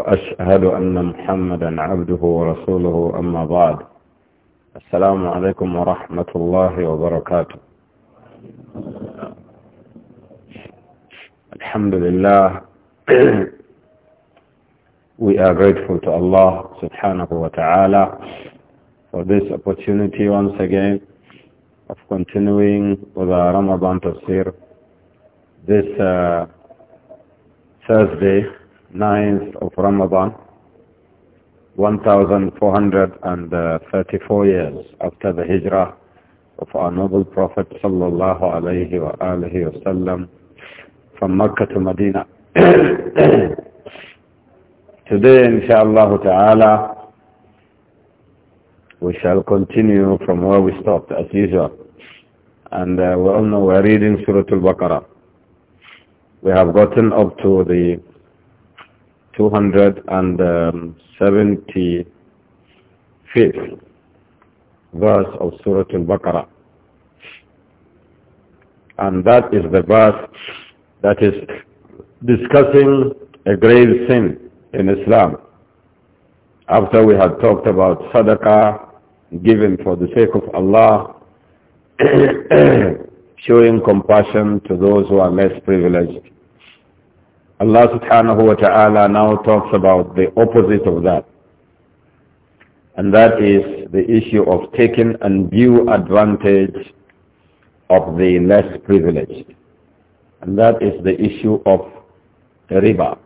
وأشهد أن محمدا عبده ورسوله أما بعد السلام عليكم ورحمة الله وبركاته الحمد لله we are grateful to Allah subhanahu wa ta'ala for this opportunity once again of continuing with our Ramadan tafsir this uh, Thursday 9th of Ramadan, 1434 years after the hijrah of our noble Prophet sallallahu alayhi wa alihi wa sallam from Mecca to Medina. Today inshaAllah ta'ala we shall continue from where we stopped as usual. And uh, we all know we're reading Surah Al-Baqarah. We have gotten up to the 275th verse of Surah Al-Baqarah. And that is the verse that is discussing a grave sin in Islam. After we had talked about sadaqah, given for the sake of Allah, showing compassion to those who are less privileged, Allah subhanahu wa ta'ala now talks about the opposite of that. And that is the issue of taking undue advantage of the less privileged. And that is the issue of the riba.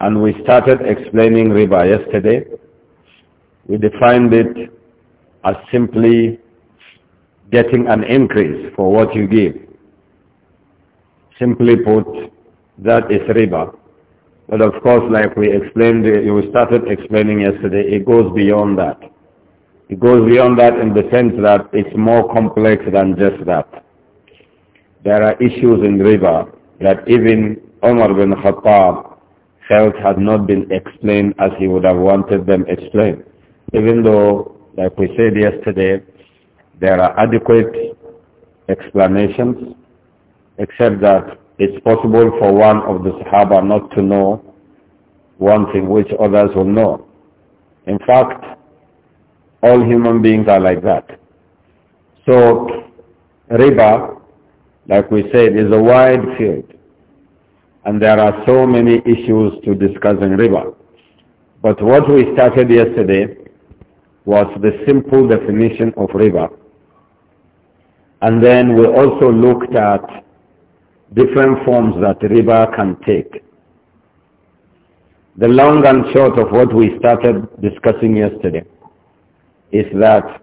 And we started explaining riba yesterday. We defined it as simply getting an increase for what you give. Simply put, that is riba. But of course, like we explained, we started explaining yesterday, it goes beyond that. It goes beyond that in the sense that it's more complex than just that. There are issues in riba that even Omar bin Khattab felt had not been explained as he would have wanted them explained. Even though, like we said yesterday, there are adequate explanations, except that it's possible for one of the Sahaba not to know one thing which others will know. In fact, all human beings are like that. So riba, like we said, is a wide field. And there are so many issues to discuss in riba. But what we started yesterday was the simple definition of riba. And then we also looked at different forms that river can take. The long and short of what we started discussing yesterday is that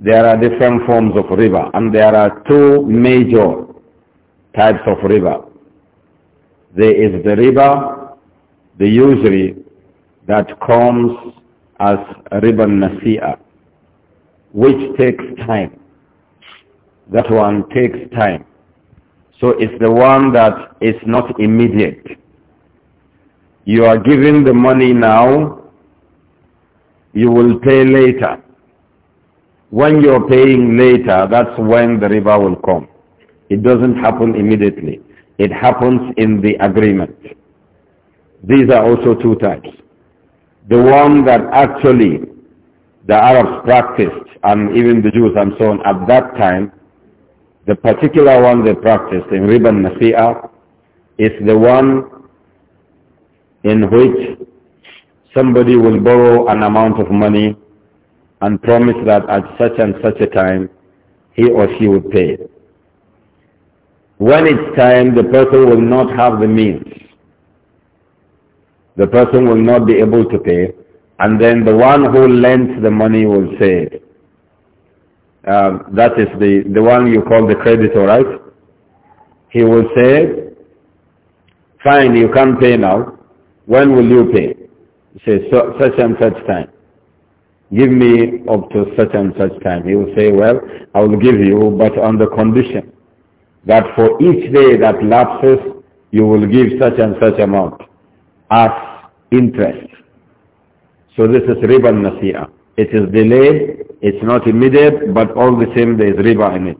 there are different forms of river, and there are two major types of river. There is the river, the usury that comes as riba nasi'a, which takes time. That one takes time. So it's the one that is not immediate. You are giving the money now, you will pay later. When you're paying later, that's when the river will come. It doesn't happen immediately. It happens in the agreement. These are also two types. The one that actually the Arabs practiced, and even the Jews and so on, at that time, the particular one they practice in riba nasi'ah is the one in which somebody will borrow an amount of money and promise that at such and such a time he or she will pay. When it's time, the person will not have the means. The person will not be able to pay, and then the one who lends the money will say, um, that is the, the one you call the creditor, right? He will say, fine, you can't pay now. When will you pay? He says, so, such and such time. Give me up to such and such time. He will say, well, I will give you, but on the condition that for each day that lapses, you will give such and such amount as interest. So this is riba nasi'ah. It is delayed it's not immediate, but all the same there is riba in it.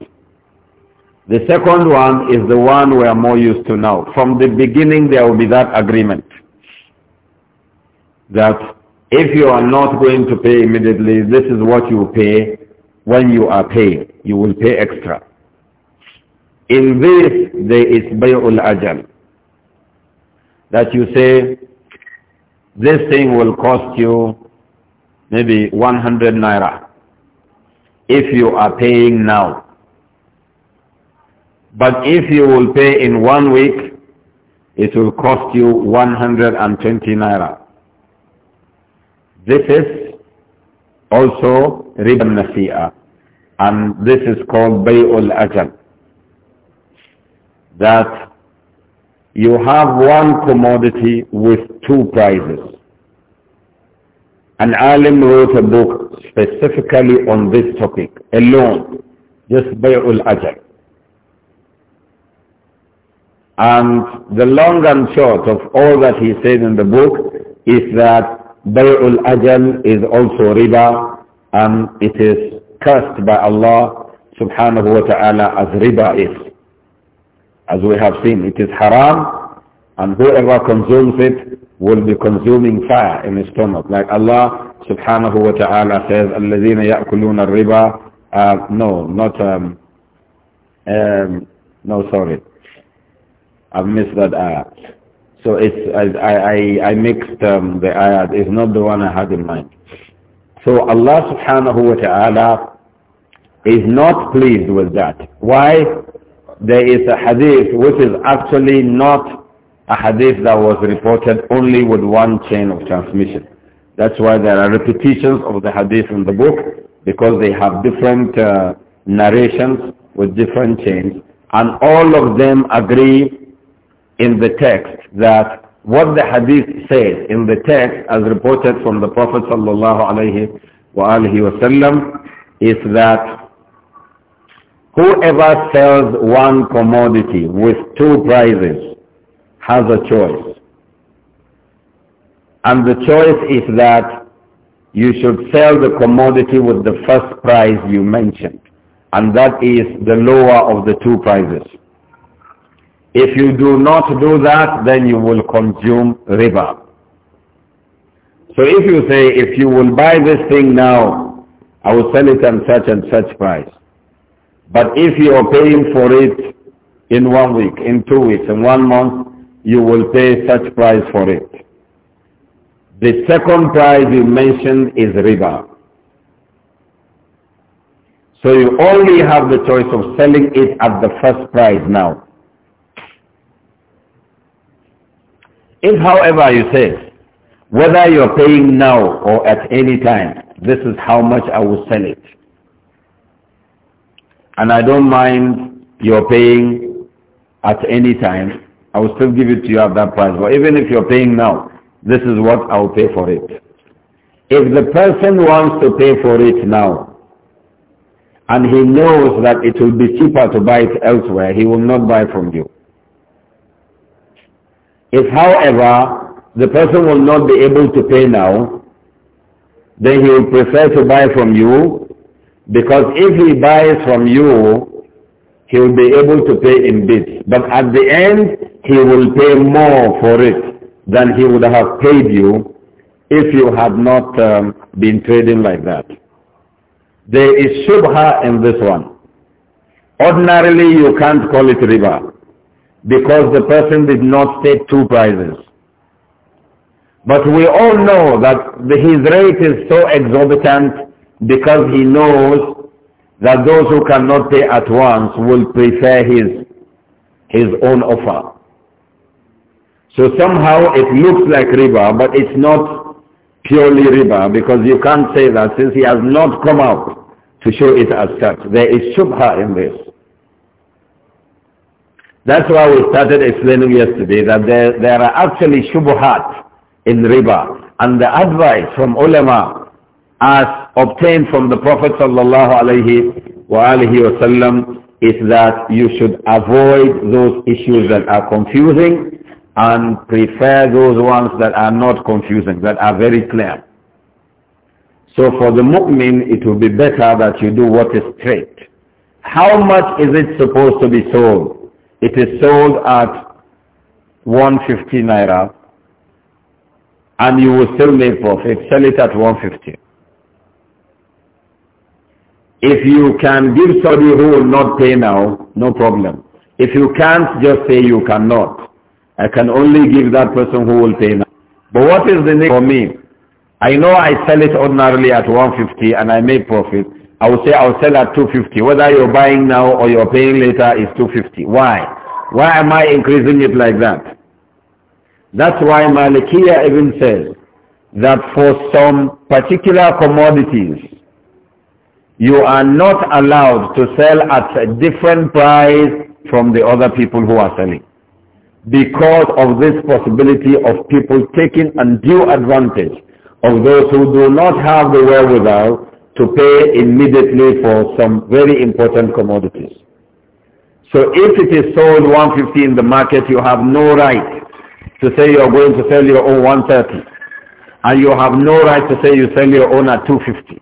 The second one is the one we are more used to now. From the beginning there will be that agreement that if you are not going to pay immediately, this is what you pay when you are paid. You will pay extra. In this, there is bay'ul ajal. That you say, this thing will cost you maybe 100 naira if you are paying now. But if you will pay in one week, it will cost you 120 naira. This is also riba nasi'a and this is called bay'ul ajal. That you have one commodity with two prices. An alim wrote a book specifically on this topic alone, just Bay'ul Ajal. And the long and short of all that he said in the book is that Bay'ul Ajal is also riba and it is cursed by Allah subhanahu wa ta'ala as riba is. As we have seen, it is haram and whoever consumes it will be consuming fire in his stomach. Like Allah subhanahu wa ta'ala says, الَّذِينَ يَأْكُلُونَ الرِّبَى uh, No, not, um, um, no, sorry. I've missed that ayah. So it's, I, I, I mixed um, the ayah. It's not the one I had in mind. So Allah subhanahu wa ta'ala is not pleased with that. Why? There is a hadith which is actually not a hadith that was reported only with one chain of transmission. That's why there are repetitions of the hadith in the book because they have different uh, narrations with different chains and all of them agree in the text that what the hadith says in the text as reported from the Prophet sallallahu wasallam is that whoever sells one commodity with two prices has a choice. And the choice is that you should sell the commodity with the first price you mentioned, and that is the lower of the two prices. If you do not do that, then you will consume riba. So if you say, if you will buy this thing now, I will sell it at such and such price. But if you are paying for it in one week, in two weeks, in one month, you will pay such price for it. The second price you mentioned is riba. So you only have the choice of selling it at the first price now. If, however, you say, whether you're paying now or at any time, this is how much I will sell it. And I don't mind your paying at any time, I will still give it to you at that price. But even if you're paying now, this is what I'll pay for it. If the person wants to pay for it now, and he knows that it will be cheaper to buy it elsewhere, he will not buy from you. If, however, the person will not be able to pay now, then he will prefer to buy from you, because if he buys from you, he will be able to pay in bits. But at the end, he will pay more for it than he would have paid you if you had not um, been trading like that. There is subha in this one. Ordinarily, you can't call it riba because the person did not state two prices. But we all know that the, his rate is so exorbitant because he knows that those who cannot pay at once will prefer his, his own offer. So somehow it looks like riba, but it's not purely riba because you can't say that since he has not come out to show it as such. There is shubha in this. That's why we started explaining yesterday that there, there are actually shubhat in riba. And the advice from ulama as obtained from the Prophet sallallahu alaihi wasallam is that you should avoid those issues that are confusing and prefer those ones that are not confusing, that are very clear. So for the mu'min, it will be better that you do what is straight. How much is it supposed to be sold? It is sold at 150 naira and you will still make profit. Sell it at 150. If you can give somebody who will not pay now, no problem. If you can't, just say you cannot. I can only give that person who will pay now. But what is the need for me? I know I sell it ordinarily at 150 and I make profit. I will say I'll sell at 250. Whether you're buying now or you're paying later is 250. Why? Why am I increasing it like that? That's why Malikiya even says that for some particular commodities, you are not allowed to sell at a different price from the other people who are selling because of this possibility of people taking undue advantage of those who do not have the wherewithal to pay immediately for some very important commodities. So if it is sold 150 in the market, you have no right to say you are going to sell your own 130. And you have no right to say you sell your own at 250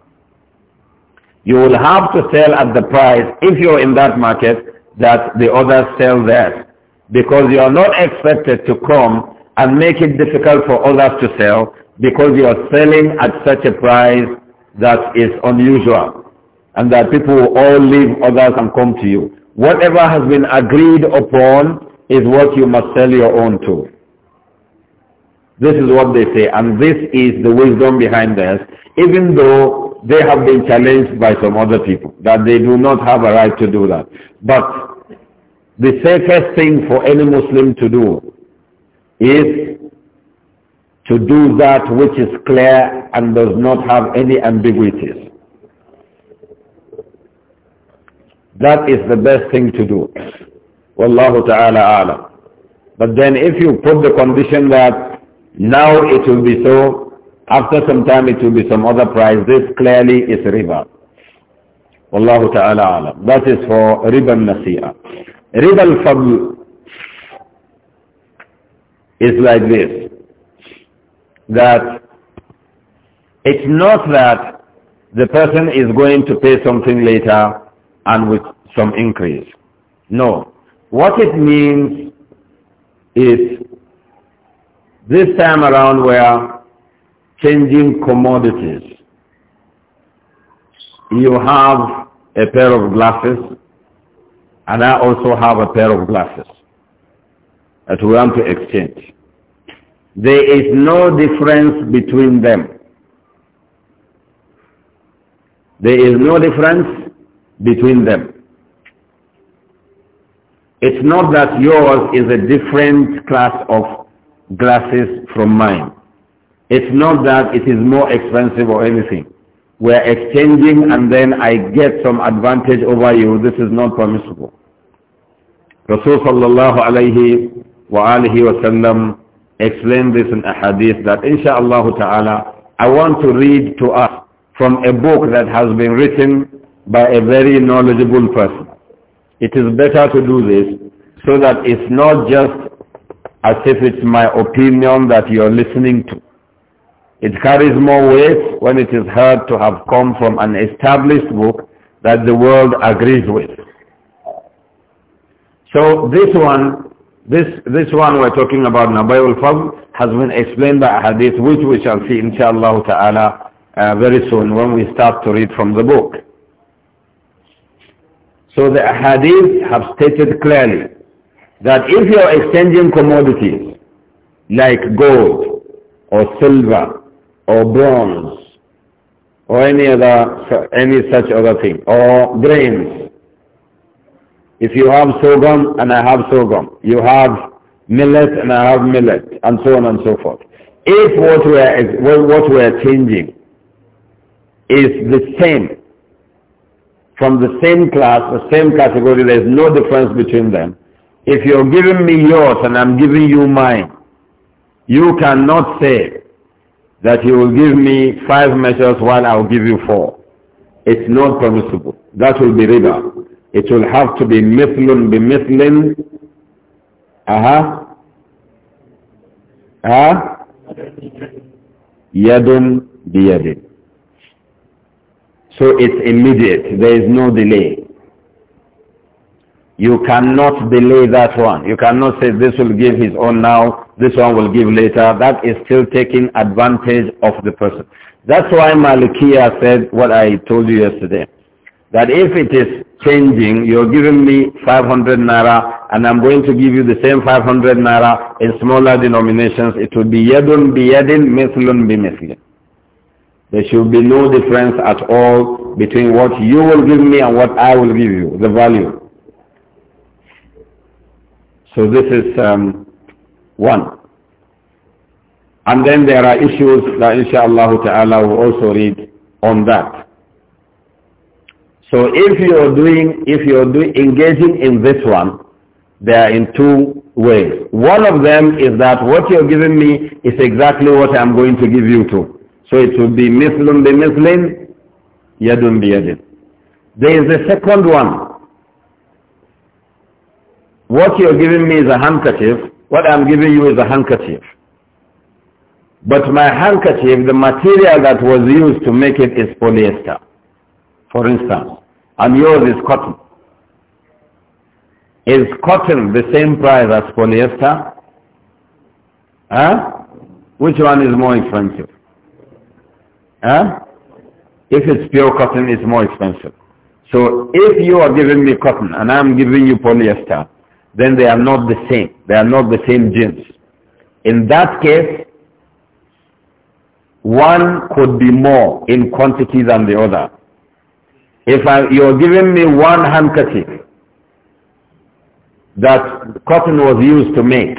you will have to sell at the price, if you're in that market, that the others sell there. Because you are not expected to come and make it difficult for others to sell because you are selling at such a price that is unusual and that people will all leave others and come to you. Whatever has been agreed upon is what you must sell your own to. This is what they say and this is the wisdom behind this. Even though they have been challenged by some other people that they do not have a right to do that. But the safest thing for any Muslim to do is to do that which is clear and does not have any ambiguities. That is the best thing to do. Wallahu ta'ala alam. But then if you put the condition that now it will be so, after some time it will be some other price. This clearly is riba. Wallahu ta'ala alam. That is for riba nasi'a. Riba al-fadl is like this. That it's not that the person is going to pay something later and with some increase. No. What it means is this time around where changing commodities. You have a pair of glasses, and I also have a pair of glasses that we want to exchange. There is no difference between them. There is no difference between them. It's not that yours is a different class of glasses from mine. It's not that it is more expensive or anything. We're exchanging and then I get some advantage over you. This is not permissible. Rasul sallallahu alayhi wa alihi wa explained this in a hadith that inshaAllah ta'ala I want to read to us from a book that has been written by a very knowledgeable person. It is better to do this so that it's not just as if it's my opinion that you're listening to. It carries more weight when it is heard to have come from an established book that the world agrees with. So this one, this, this one we're talking about, Nabayul Fadl, has been explained by a hadith which we shall see inshallah ta'ala uh, very soon when we start to read from the book. So the hadith have stated clearly that if you're exchanging commodities like gold or silver or bronze or any other any such other thing or grains if you have sorghum and i have sorghum you have millet and i have millet and so on and so forth if what we are what we are changing is the same from the same class the same category there is no difference between them if you're giving me yours and i'm giving you mine you cannot say that he will give me five measures while I will give you four. It's not permissible. That will be riba. It will have to be mithlun bi mithlin. Aha. Ah. Yadun bi yadin. So it's immediate. There is no delay. You cannot delay that one. You cannot say this will give his own now, this one will give later. That is still taking advantage of the person. That's why Malikiya said what I told you yesterday. That if it is changing, you're giving me 500 naira and I'm going to give you the same 500 naira in smaller denominations, it will be yadun bi yadin, mithlun bi mithlin. There should be no difference at all between what you will give me and what I will give you, the value. So this is um, one. And then there are issues that inshallah ta'ala will also read on that. So if you're doing, if you're do, engaging in this one, they are in two ways. One of them is that what you're giving me is exactly what I'm going to give you to. So it will be Muslim be Muslim, yadun be yadin. There is a second one. What you're giving me is a handkerchief. What I'm giving you is a handkerchief. But my handkerchief, the material that was used to make it is polyester, for instance. And yours is cotton. Is cotton the same price as polyester? Huh? Which one is more expensive? Huh? If it's pure cotton, it's more expensive. So if you are giving me cotton and I'm giving you polyester, then they are not the same. They are not the same jinns. In that case, one could be more in quantity than the other. If I, you're giving me one handkerchief that cotton was used to make,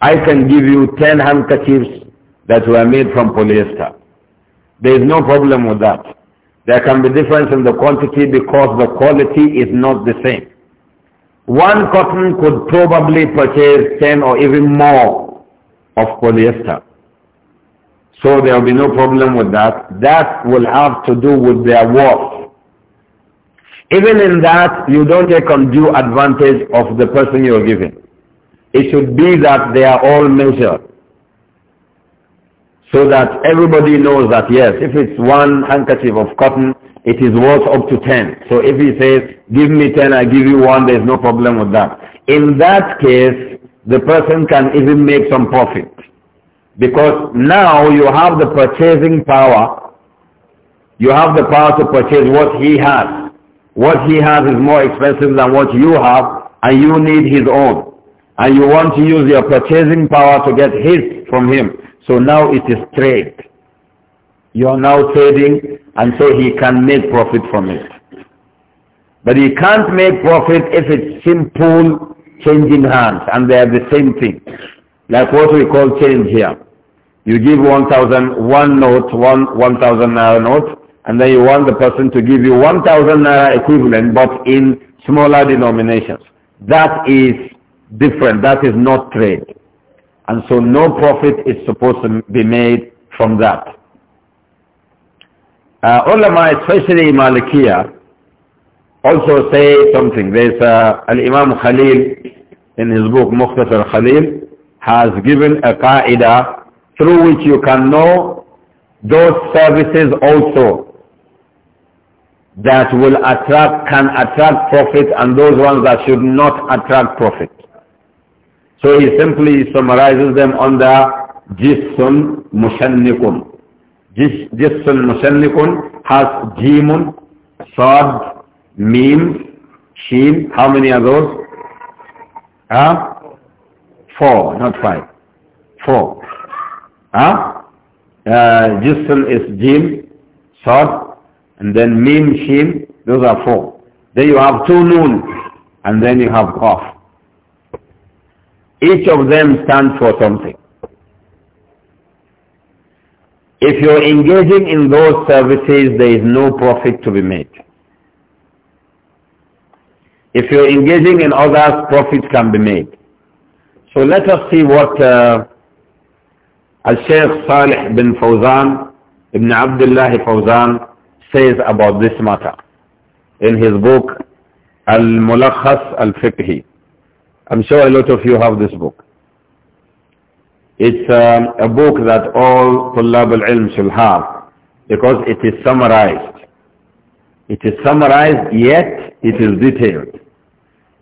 I can give you 10 handkerchiefs that were made from polyester. There is no problem with that. There can be difference in the quantity because the quality is not the same. One cotton could probably purchase 10 or even more of polyester. So there will be no problem with that. That will have to do with their worth. Even in that, you don't take undue advantage of the person you're giving. It should be that they are all measured. So that everybody knows that yes, if it's one handkerchief of cotton, it is worth up to 10. So if he says, give me 10, I give you 1, there is no problem with that. In that case, the person can even make some profit. Because now you have the purchasing power. You have the power to purchase what he has. What he has is more expensive than what you have, and you need his own. And you want to use your purchasing power to get his from him. So now it is trade. You are now trading and so he can make profit from it. But he can't make profit if it's simple changing hands and they are the same thing. Like what we call change here. You give 1,000, one note, one 1,000 naira note, and then you want the person to give you 1,000 naira equivalent but in smaller denominations. That is different. That is not trade. And so no profit is supposed to be made from that. Uh, ulama, especially Malikiya, also say something. There's uh, Al-Imam Khalil in his book Mukhtasar Khalil has given a qaida through which you can know those services also that will attract, can attract profit and those ones that should not attract profit. So he simply summarizes them under Jisun Mushannikum. Jissun Musallikun has Jimun, Sad, Mim, Sheen. How many are those? Huh? Four, not five. Four. Huh? Uh, Jissun is Jim, Sad, and then Mim, Sheen. Those are four. Then you have two noons, and then you have Qaf. Each of them stands for something. If you're engaging in those services, there is no profit to be made. If you're engaging in others, profit can be made. So let us see what uh, Al-Sheikh Salih bin Fawzan, Ibn Abdullah Fawzan, says about this matter in his book Al-Mulakhas Al-Fiqhi. I'm sure a lot of you have this book. It's um, a book that all Tullab al-Ilm should have because it is summarized. It is summarized yet it is detailed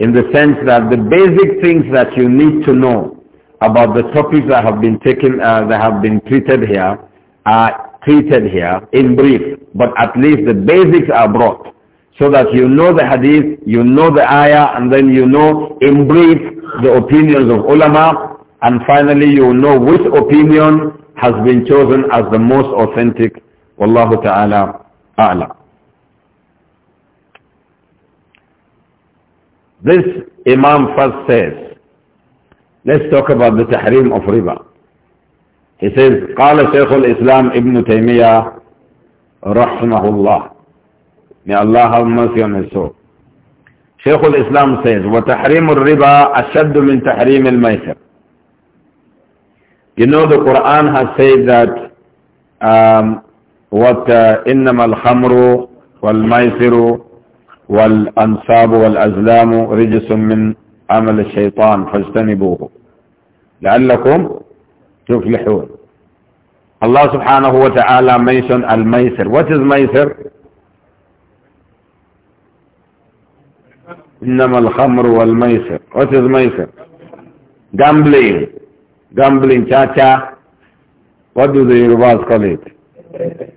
in the sense that the basic things that you need to know about the topics that have been taken, uh, that have been treated here are treated here in brief, but at least the basics are brought so that you know the hadith, you know the ayah, and then you know in brief the opinions of ulama, and finally you will know which opinion has been chosen as the most authentic wallahu ta'ala a'la this imam first says let's talk about the tahrim of riba he says قال شيخ الاسلام ابن تيميه رحمه الله may Allah have mercy on his soul شيخ الاسلام says وتحريم الربا اشد من تحريم الميسر You know, the Quran has said that um, what إنما الخمر والميسر والأنصاب والأزلام رجس من عمل الشيطان فاجتنبوه لعلكم تفلحون Allah subhanahu wa ta'ala mentioned al-maisir. What is maisir? إنما الخمر والميسر. What is maisir? Gambling. gambling, cha-cha. What do the Yorubas call it?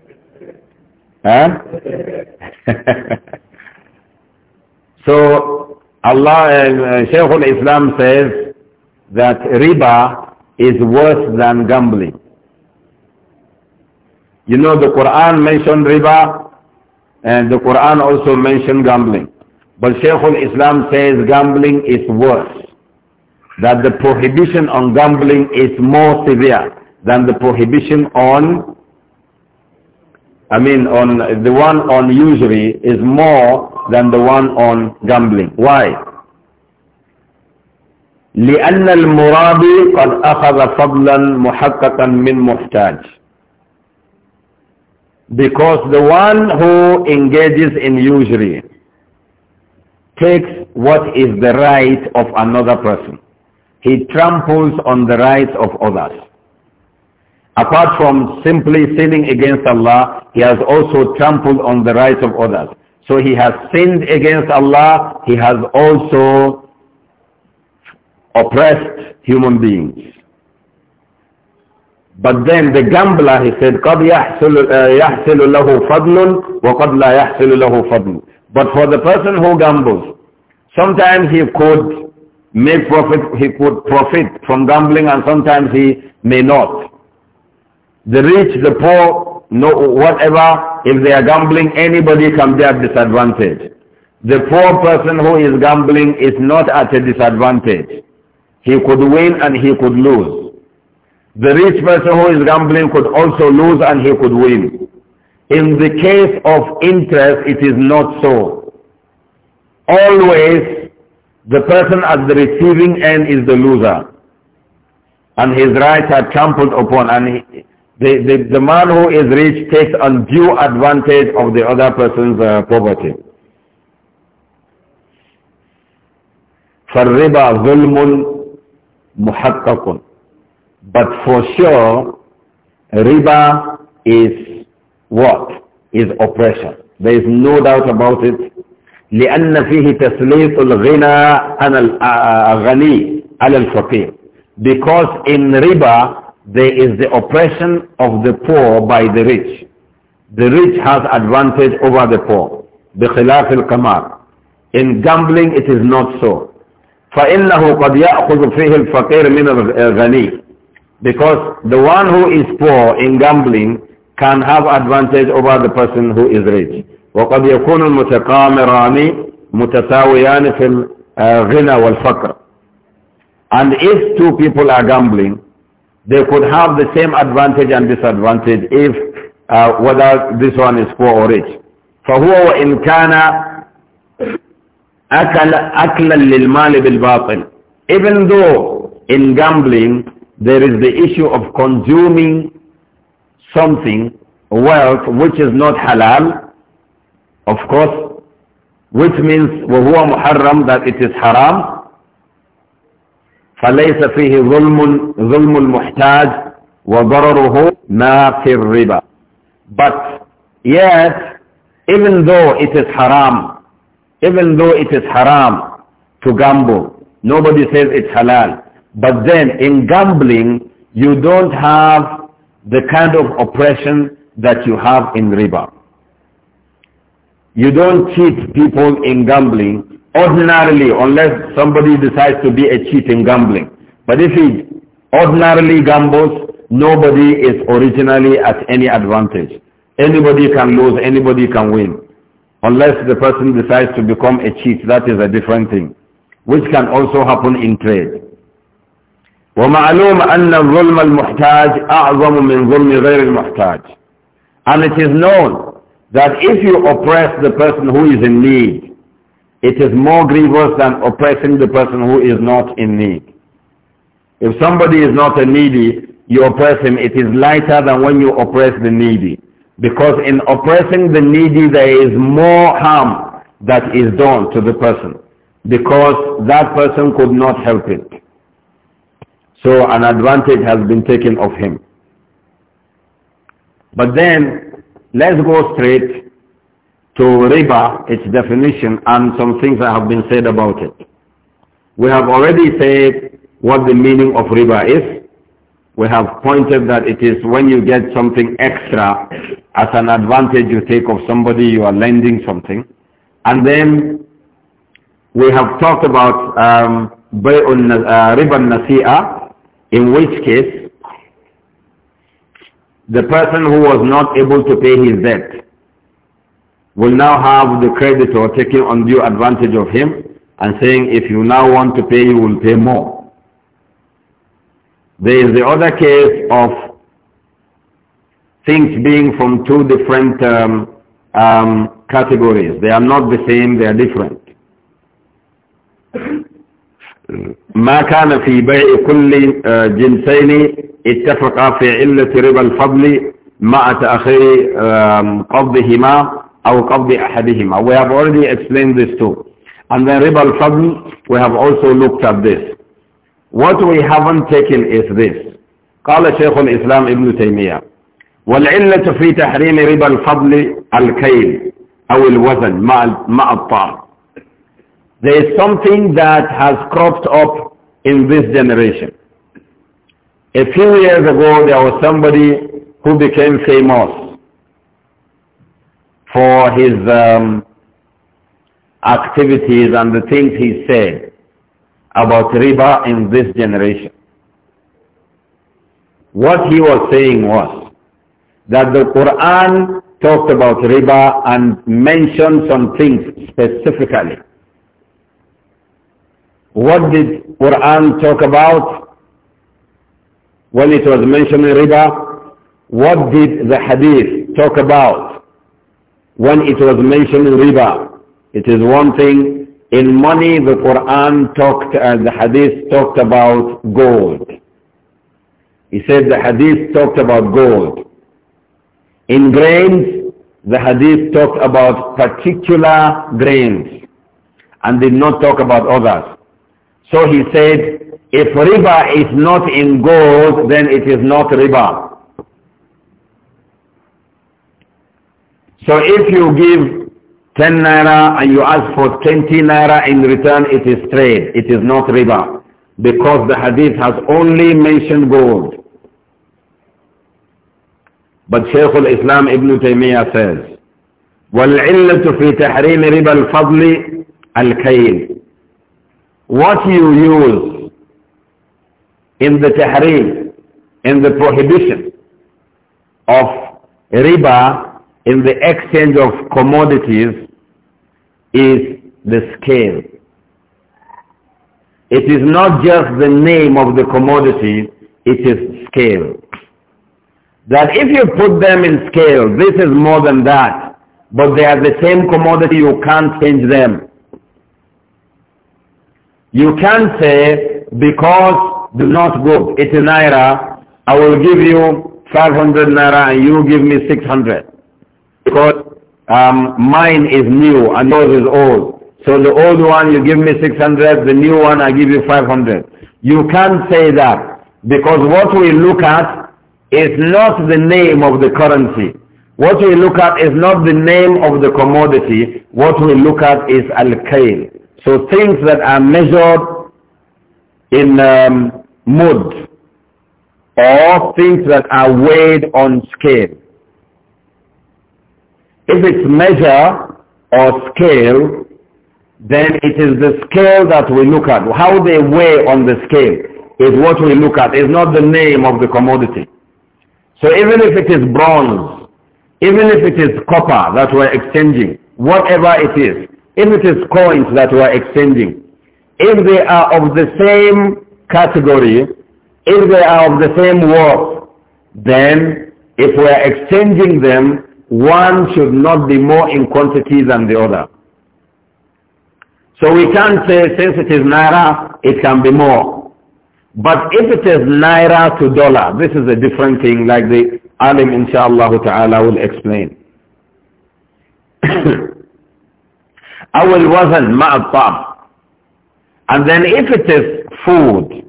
huh? so Allah, uh, Shaykh al-Islam says that riba is worse than gambling. You know the Quran mentioned riba and the Quran also mentioned gambling. But Shaykh al-Islam says gambling is worse that the prohibition on gambling is more severe than the prohibition on, I mean, on the one on usury is more than the one on gambling. Why? لأن المرابي قد أخذ فضلا محققا من محتاج because the one who engages in usury takes what is the right of another person he tramples on the rights of others. Apart from simply sinning against Allah, he has also trampled on the rights of others. So he has sinned against Allah, he has also oppressed human beings. But then the gambler, he said, قَدْ يَحْسِلُ لَهُ فَضْلٌ وَقَدْ لَا يَحْسِلُ لَهُ فَضْلٌ But for the person who gambles, sometimes he could Make profit, he could profit from gambling and sometimes he may not. The rich, the poor, no, whatever, if they are gambling, anybody can be at disadvantage. The poor person who is gambling is not at a disadvantage. He could win and he could lose. The rich person who is gambling could also lose and he could win. In the case of interest, it is not so. Always the person at the receiving end is the loser. And his rights are trampled upon. And he, the, the, the man who is rich takes undue advantage of the other person's uh, poverty. فَالرِّبَى ظُلْمٌ مُحَقَّقٌ But for sure, riba is what? Is oppression. There is no doubt about it لأن فيه تسليط الغنى الغني على الفقير because in riba there is the oppression of the poor by the rich the rich has advantage over the poor بخلاف القمار in gambling it is not so فإنه قد يأخذ فيه الفقير من الغني because the one who is poor in gambling can have advantage over the person who is rich وقد يكون المتقامران متساويان في الغنى والفقر and if two people are gambling they could have the same advantage and disadvantage if uh, whether this one is poor or rich فهو وإن كان أكل أكلا للمال بالباطل even though in gambling there is the issue of consuming something wealth which is not halal of course, which means وَهُوَ مُحَرَّمْ that it is haram. فَلَيْسَ فِيهِ ظُلْمٌ ظُلْمُ الْمُحْتَاجِ وَضَرَرُهُ مَا فِي الرِّبَى But yes, even though it is haram, even though it is haram to gamble, nobody says it's halal. But then in gambling, you don't have the kind of oppression that you have in riba. You don't cheat people in gambling ordinarily unless somebody decides to be a cheat in gambling. But if he ordinarily gambles, nobody is originally at any advantage. Anybody can lose, anybody can win. Unless the person decides to become a cheat, that is a different thing, which can also happen in trade. ومعلوم أن الظلم المحتاج أعظم من ظلم غير المحتاج. And it is known that if you oppress the person who is in need, it is more grievous than oppressing the person who is not in need. If somebody is not a needy, you oppress him, it is lighter than when you oppress the needy. Because in oppressing the needy, there is more harm that is done to the person. Because that person could not help it. So an advantage has been taken of him. But then Let's go straight to riba, its definition, and some things that have been said about it. We have already said what the meaning of riba is. We have pointed that it is when you get something extra as an advantage you take of somebody you are lending something. And then we have talked about um, uh, riba nasi'a, in which case the person who was not able to pay his debt will now have the creditor taking undue advantage of him and saying, if you now want to pay, you will pay more. There is the other case of things being from two different um, um, categories. They are not the same, they are different. ما كان في بيع كل آه، جنسين اتفقا في علة ربا الفضل مع تأخير قبضهما أو قبض أحدهما. We have already explained this too. And then ربا الفضل fadl we have also looked at this. What we haven't taken is this. قال شيخ الإسلام ابن تيمية والعلة في تحريم ربا الفضل الكيل أو الوزن مع مع الطعام There is something that has cropped up in this generation. A few years ago, there was somebody who became famous for his um, activities and the things he said about riba in this generation. What he was saying was that the Quran talked about riba and mentioned some things specifically what did Quran talk about when it was mentioning riba? What did the hadith talk about when it was mentioning riba? It is one thing. In money, the Quran talked, uh, the hadith talked about gold. He said the hadith talked about gold. In grains, the hadith talked about particular grains and did not talk about others. So he said, if riba is not in gold, then it is not riba. So if you give 10 naira and you ask for 20 naira in return, it is trade. It is not riba. Because the hadith has only mentioned gold. But Shaykh al-Islam Ibn Taymiyyah says, وَالْعِلَّةُ فِي تَحْرِيمِ رِبَى الْفَضْلِ الْكَيْلِ what you use in the tahrir, in the prohibition of riba in the exchange of commodities is the scale. It is not just the name of the commodity, it is scale. That if you put them in scale, this is more than that, but they are the same commodity, you can't change them. You can say, because do not go, it's a naira, I will give you 500 naira and you give me 600. Because um, mine is new and yours is old. So the old one you give me 600, the new one I give you 500. You can't say that because what we look at is not the name of the currency. What we look at is not the name of the commodity. What we look at is al-kail. So things that are measured in um, mud or things that are weighed on scale. If it's measure or scale, then it is the scale that we look at. How they weigh on the scale is what we look at. It's not the name of the commodity. So even if it is bronze, even if it is copper that we're exchanging, whatever it is, if it is coins that we are exchanging, if they are of the same category, if they are of the same worth, then if we are exchanging them, one should not be more in quantity than the other. So we can't say since it is naira, it can be more. But if it is naira to dollar, this is a different thing like the alim inshallah ta'ala will explain. أو الوزن مع الطعم and then if it is food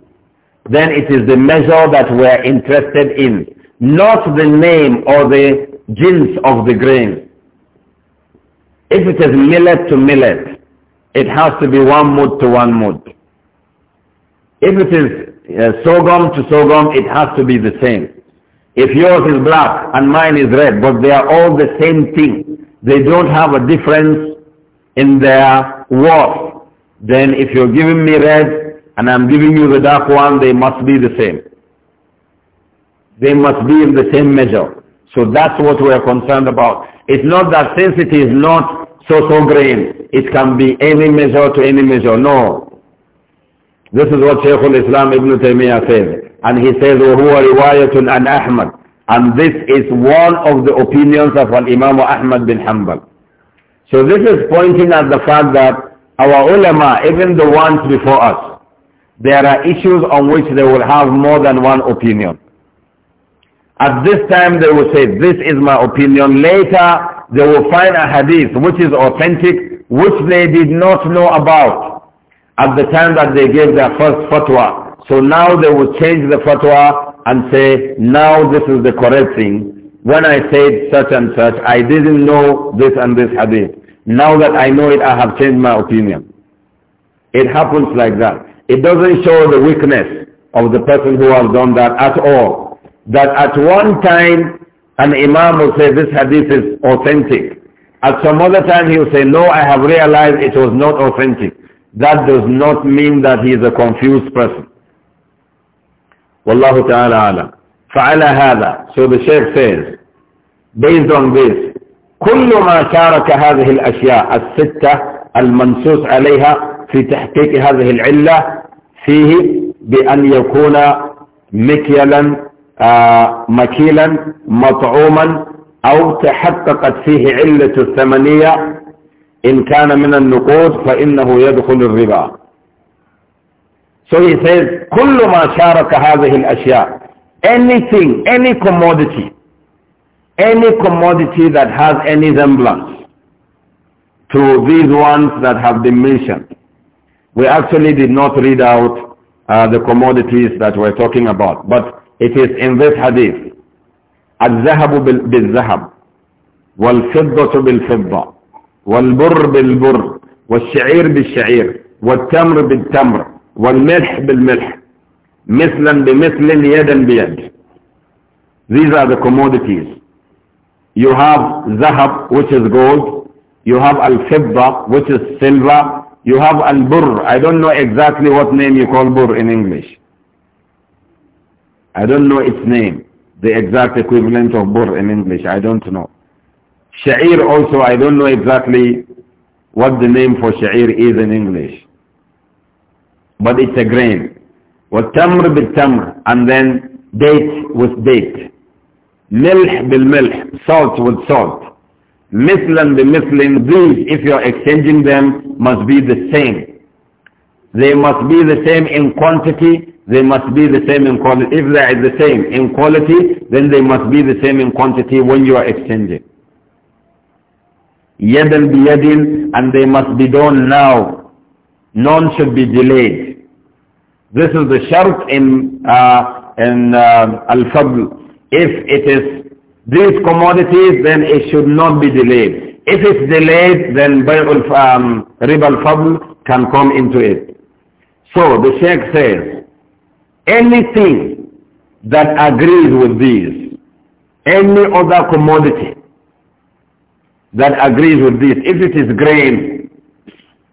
then it is the measure that we are interested in not the name or the genes of the grain if it is millet to millet it has to be one mud to one mud if it is uh, sorghum to sorghum it has to be the same if yours is black and mine is red, but they are all the same thing, they don't have a difference in their worth, then if you're giving me red and I'm giving you the dark one, they must be the same. They must be in the same measure. So that's what we're concerned about. It's not that since it is not so-so grain, it can be any measure to any measure. No. This is what Shaykh al-Islam Ibn Taymiyyah says. And he says, وَهُوَ رِوَايَةٌ عَنْ أَحْمَدٍ And this is one of the opinions of Imam Ahmad bin Hanbal. So this is pointing at the fact that our ulama, even the ones before us, there are issues on which they will have more than one opinion. At this time they will say, this is my opinion. Later they will find a hadith which is authentic, which they did not know about at the time that they gave their first fatwa. So now they will change the fatwa and say, now this is the correct thing. When I said such and such, I didn't know this and this hadith. Now that I know it, I have changed my opinion. It happens like that. It doesn't show the weakness of the person who has done that at all. That at one time, an imam will say this hadith is authentic. At some other time, he will say, no, I have realized it was not authentic. That does not mean that he is a confused person. Wallahu ta'ala alam. فعلى هذا so the sheikh says based on this كل ما شارك هذه الأشياء الستة المنصوص عليها في تحقيق هذه العلة فيه بأن يكون مكيلا آه، مكيلا مطعوما أو تحققت فيه علة الثمنية إن كان من النقود فإنه يدخل الربا So he says كل ما شارك هذه الأشياء anything, any commodity any commodity that has any semblance to these ones that have been mentioned. We actually did not read out uh, the commodities that we're talking about, but it is in this hadith. الذهب بالذهب والفضة بالفضة والبر بالبر والشعير بالشعير والتمر بالتمر والملح بالملح مثلا بمثل يدا بيد These are the commodities you have zahab, which is gold, you have al-fibba, which is silver, you have al-burr. I don't know exactly what name you call burr in English. I don't know its name, the exact equivalent of burr in English. I don't know. Sha'ir also, I don't know exactly what the name for sha'ir is in English. But it's a grain. وَالتَّمْرِ بِالتَّمْرِ And then date with date milh bil milh, salt with salt. and bil mithlin, these, if you're exchanging them, must be the same. They must be the same in quantity, they must be the same in quality. If they are the same in quality, then they must be the same in quantity when you are exchanging. Yadan bi yadin, and they must be done now. None should be delayed. This is the shart in, uh, in uh, Al-Fadl if it is these commodities, then it should not be delayed. If it's delayed, then bay'ul, um, riba al-fadl can come into it. So the Sheikh says, anything that agrees with these, any other commodity that agrees with this, if it is grain,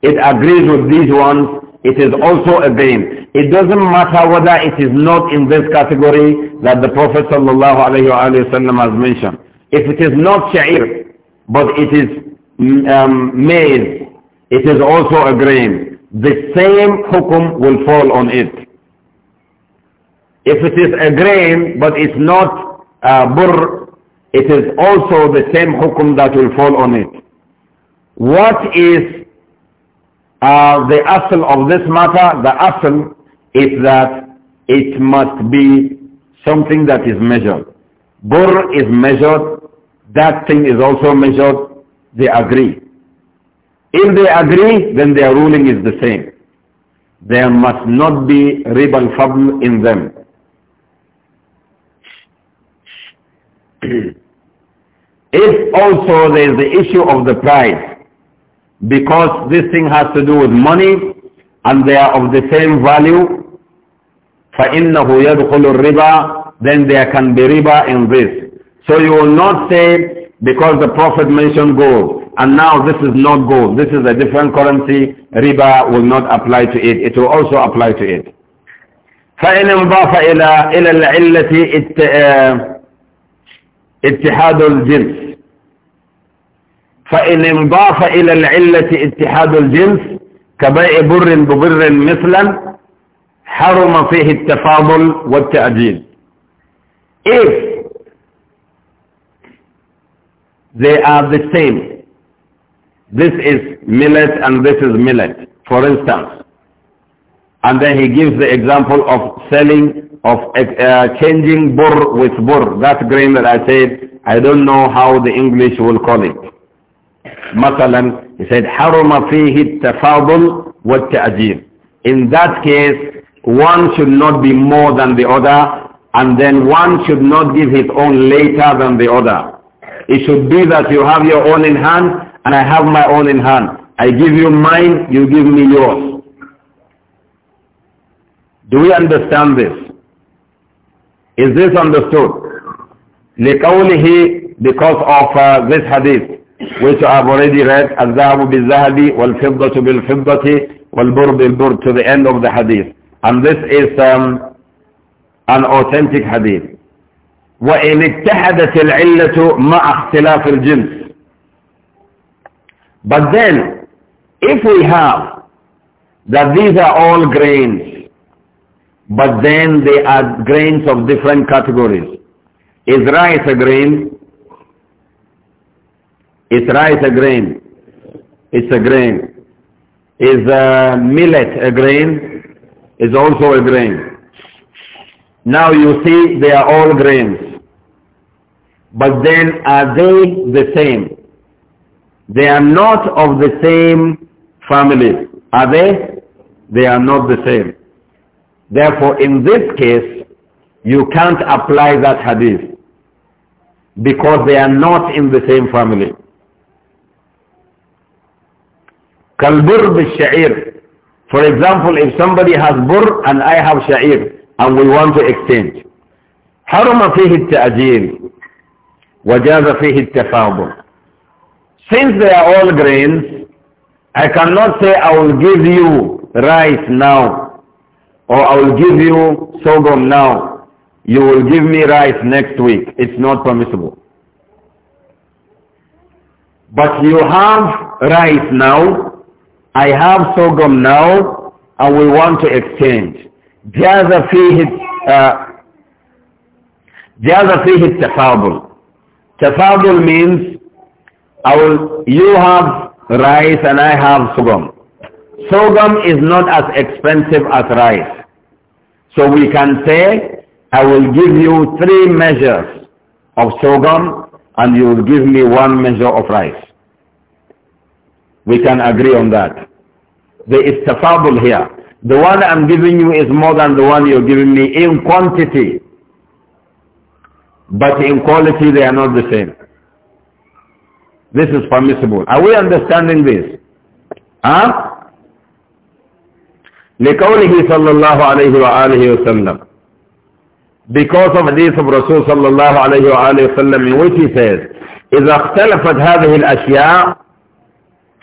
it agrees with these ones, it is also a grain. It doesn't matter whether it is not in this category that the Prophet ﷺ has mentioned. If it is not sha'ir, but it is mm, um, maize, it is also a grain. The same hukum will fall on it. If it is a grain, but it's not uh, burr, it is also the same hukum that will fall on it. What is uh, the asl of this matter, the asl is that it must be something that is measured. Bur is measured, that thing is also measured, they agree. If they agree, then their ruling is the same. There must not be ribal al-fadl in them. if also there is the issue of the price, because this thing has to do with money and they are of the same value, فَإِنَّهُ يَدْخُلُ الرِّبَى Then there can be riba in this. So you will not say, because the Prophet mentioned gold, and now this is not gold, this is a different currency, riba will not apply to it. It will also apply to it. فإن انضاف إلى إلى العلة اتحاد الجنس فإن انضاف إلى العلة اتحاد الجنس كبيع بر ببر مثلا حرم فيه التفاضل والتأجيل if they are the same this is millet and this is millet for instance and then he gives the example of selling of uh, changing bur with bur that grain that I said I don't know how the English will call it مثلا he said حرم فيه التفاضل والتأجيل in that case one should not be more than the other and then one should not give his own later than the other it should be that you have your own in hand and I have my own in hand I give you mine you give me yours do we understand this is this understood لقوله because of uh, this hadith which I've already read, الذهب بالذهب والفضة بالفضة والبر بالبر to the end of the hadith. And this is um, an authentic hadith. وإن اتحدت العلة مع اختلاف الجنس. But then, if we have that these are all grains, but then they are grains of different categories. Is rice a grain? Is rice a grain? It's a grain. Is uh, millet a grain? It's also a grain. Now you see they are all grains. But then are they the same? They are not of the same family. Are they? They are not the same. Therefore, in this case, you can't apply that hadith because they are not in the same family. Kalbur bisha'ir. For example, if somebody has bur and I have sha'ir and we want to exchange. حرم fihi التأجيل وجاز فيه التفاضل. Since they are all grains, I cannot say I will give you rice now or I will give you sorghum now. You will give me rice next week. It's not permissible. But you have rice now I have sorghum now and we want to exchange. جاز فيه جاز فيه التفاضل. Tafadul means I will, you have rice and I have sorghum. Sorghum is not as expensive as rice. So we can say, I will give you three measures of sorghum and you will give me one measure of rice. We can agree on that. There is tafadul here. The one I'm giving you is more than the one you're giving me in quantity. But in quality they are not the same. This is permissible. Are we understanding this? Huh? لقوله صلى الله عليه وآله وسلم Because of hadith of Rasul صلى الله عليه وآله وسلم in which he says إذا اختلفت هذه الأشياء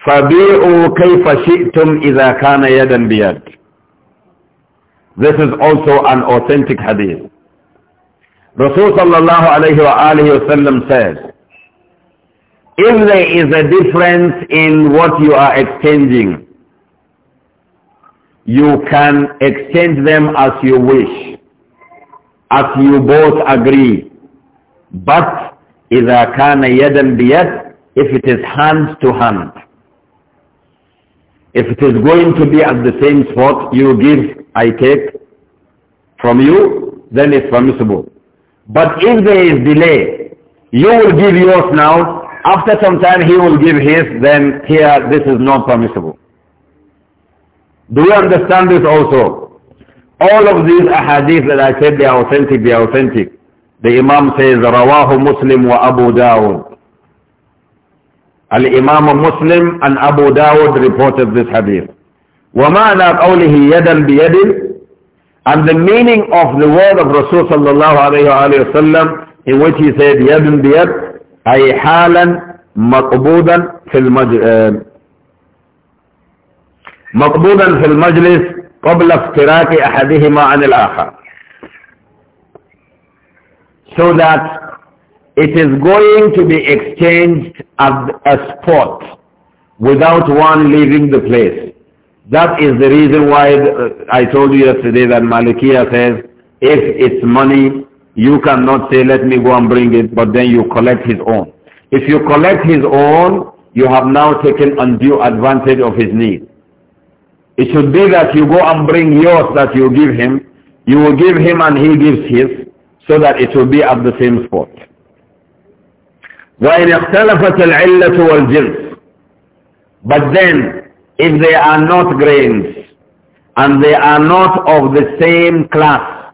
this is also an authentic hadith. Rasul sallallahu alayhi wa alihi wasallam says, if there is a difference in what you are exchanging, you can exchange them as you wish, as you both agree. But إِذَا كَانَ يَدًا بِيَدٍ If it is hand to hand, if it is going to be at the same spot, you give, I take from you, then it's permissible. But if there is delay, you will give yours now, after some time he will give his, then here this is not permissible. Do you understand this also? All of these ahadith that I said, they are authentic, they are authentic. The Imam says, Rawahu Muslim wa Abu Dawud. الإمام مسلم أن أبو داود reported this hadith ومعنى قوله يدا بيد and the meaning of the word of Rasul صلى الله عليه وآله وسلم in which he said يدا بيد أي حالا مقبودا في المجلس مقبودا في المجلس قبل افتراك أحدهما عن الآخر so that It is going to be exchanged as a spot without one leaving the place. That is the reason why I told you yesterday that Malikiya says, if it's money, you cannot say, let me go and bring it, but then you collect his own. If you collect his own, you have now taken undue advantage of his need. It should be that you go and bring yours that you give him. You will give him and he gives his, so that it will be at the same spot. وَإِنْ اخْتَلَفَتَ الْعِلَّةُ وَالْجِنْسُ But then, if they are not grains, and they are not of the same class,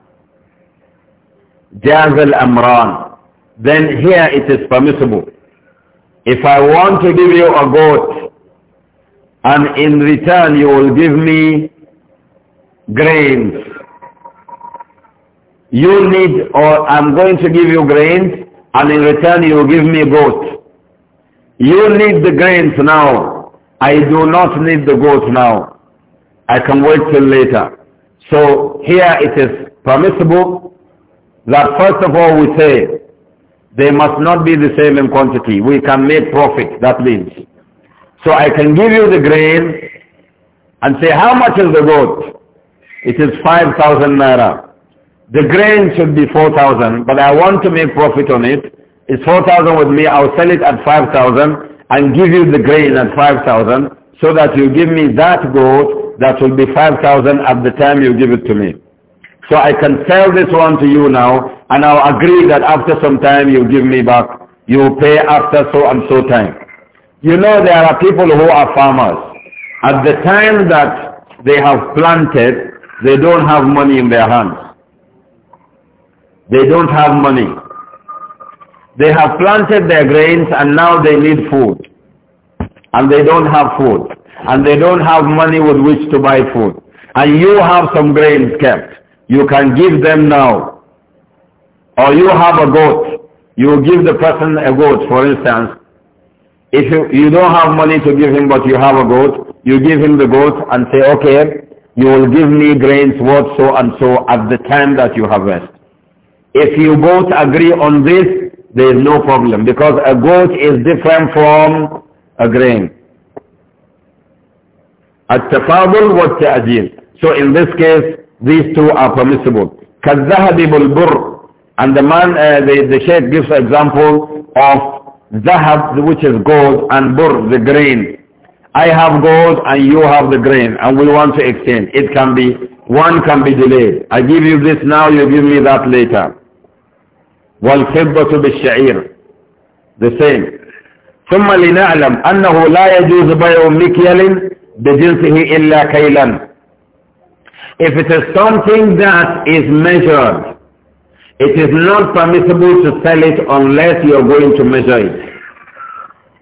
جَازَ الْأَمْرَانِ Then here it is permissible. If I want to give you a goat, and in return you will give me grains, you need, or I'm going to give you grains, and in return you give me goat. You need the grains now. I do not need the goat now. I can wait till later. So here it is permissible that first of all we say they must not be the same in quantity. We can make profit, that means. So I can give you the grain and say how much is the goat? It is 5,000 naira. The grain should be 4,000, but I want to make profit on it. It's 4,000 with me. I'll sell it at 5,000 and give you the grain at 5,000 so that you give me that goat that will be 5,000 at the time you give it to me. So I can sell this one to you now and I'll agree that after some time you give me back. You pay after so and so time. You know there are people who are farmers. At the time that they have planted, they don't have money in their hands. They don't have money. They have planted their grains and now they need food. And they don't have food. And they don't have money with which to buy food. And you have some grains kept. You can give them now. Or you have a goat. You give the person a goat, for instance. If you, you don't have money to give him but you have a goat, you give him the goat and say, okay, you will give me grains worth so and so at the time that you harvest. If you both agree on this, there is no problem because a goat is different from a grain. التفاضل والتأجيل. So in this case, these two are permissible. كالذهب بالبر and the man, uh, the, the sheikh gives example of zahab, which is gold, and bur, the grain. I have gold and you have the grain, and we want to exchange. It can be, one can be delayed. I give you this now, you give me that later. والفضة بالشعير the same ثم لنعلم أنه لا يجوز بيع مكيال بجنسه إلا كيلا if it is something that is measured it is not permissible to sell it unless you are going to measure it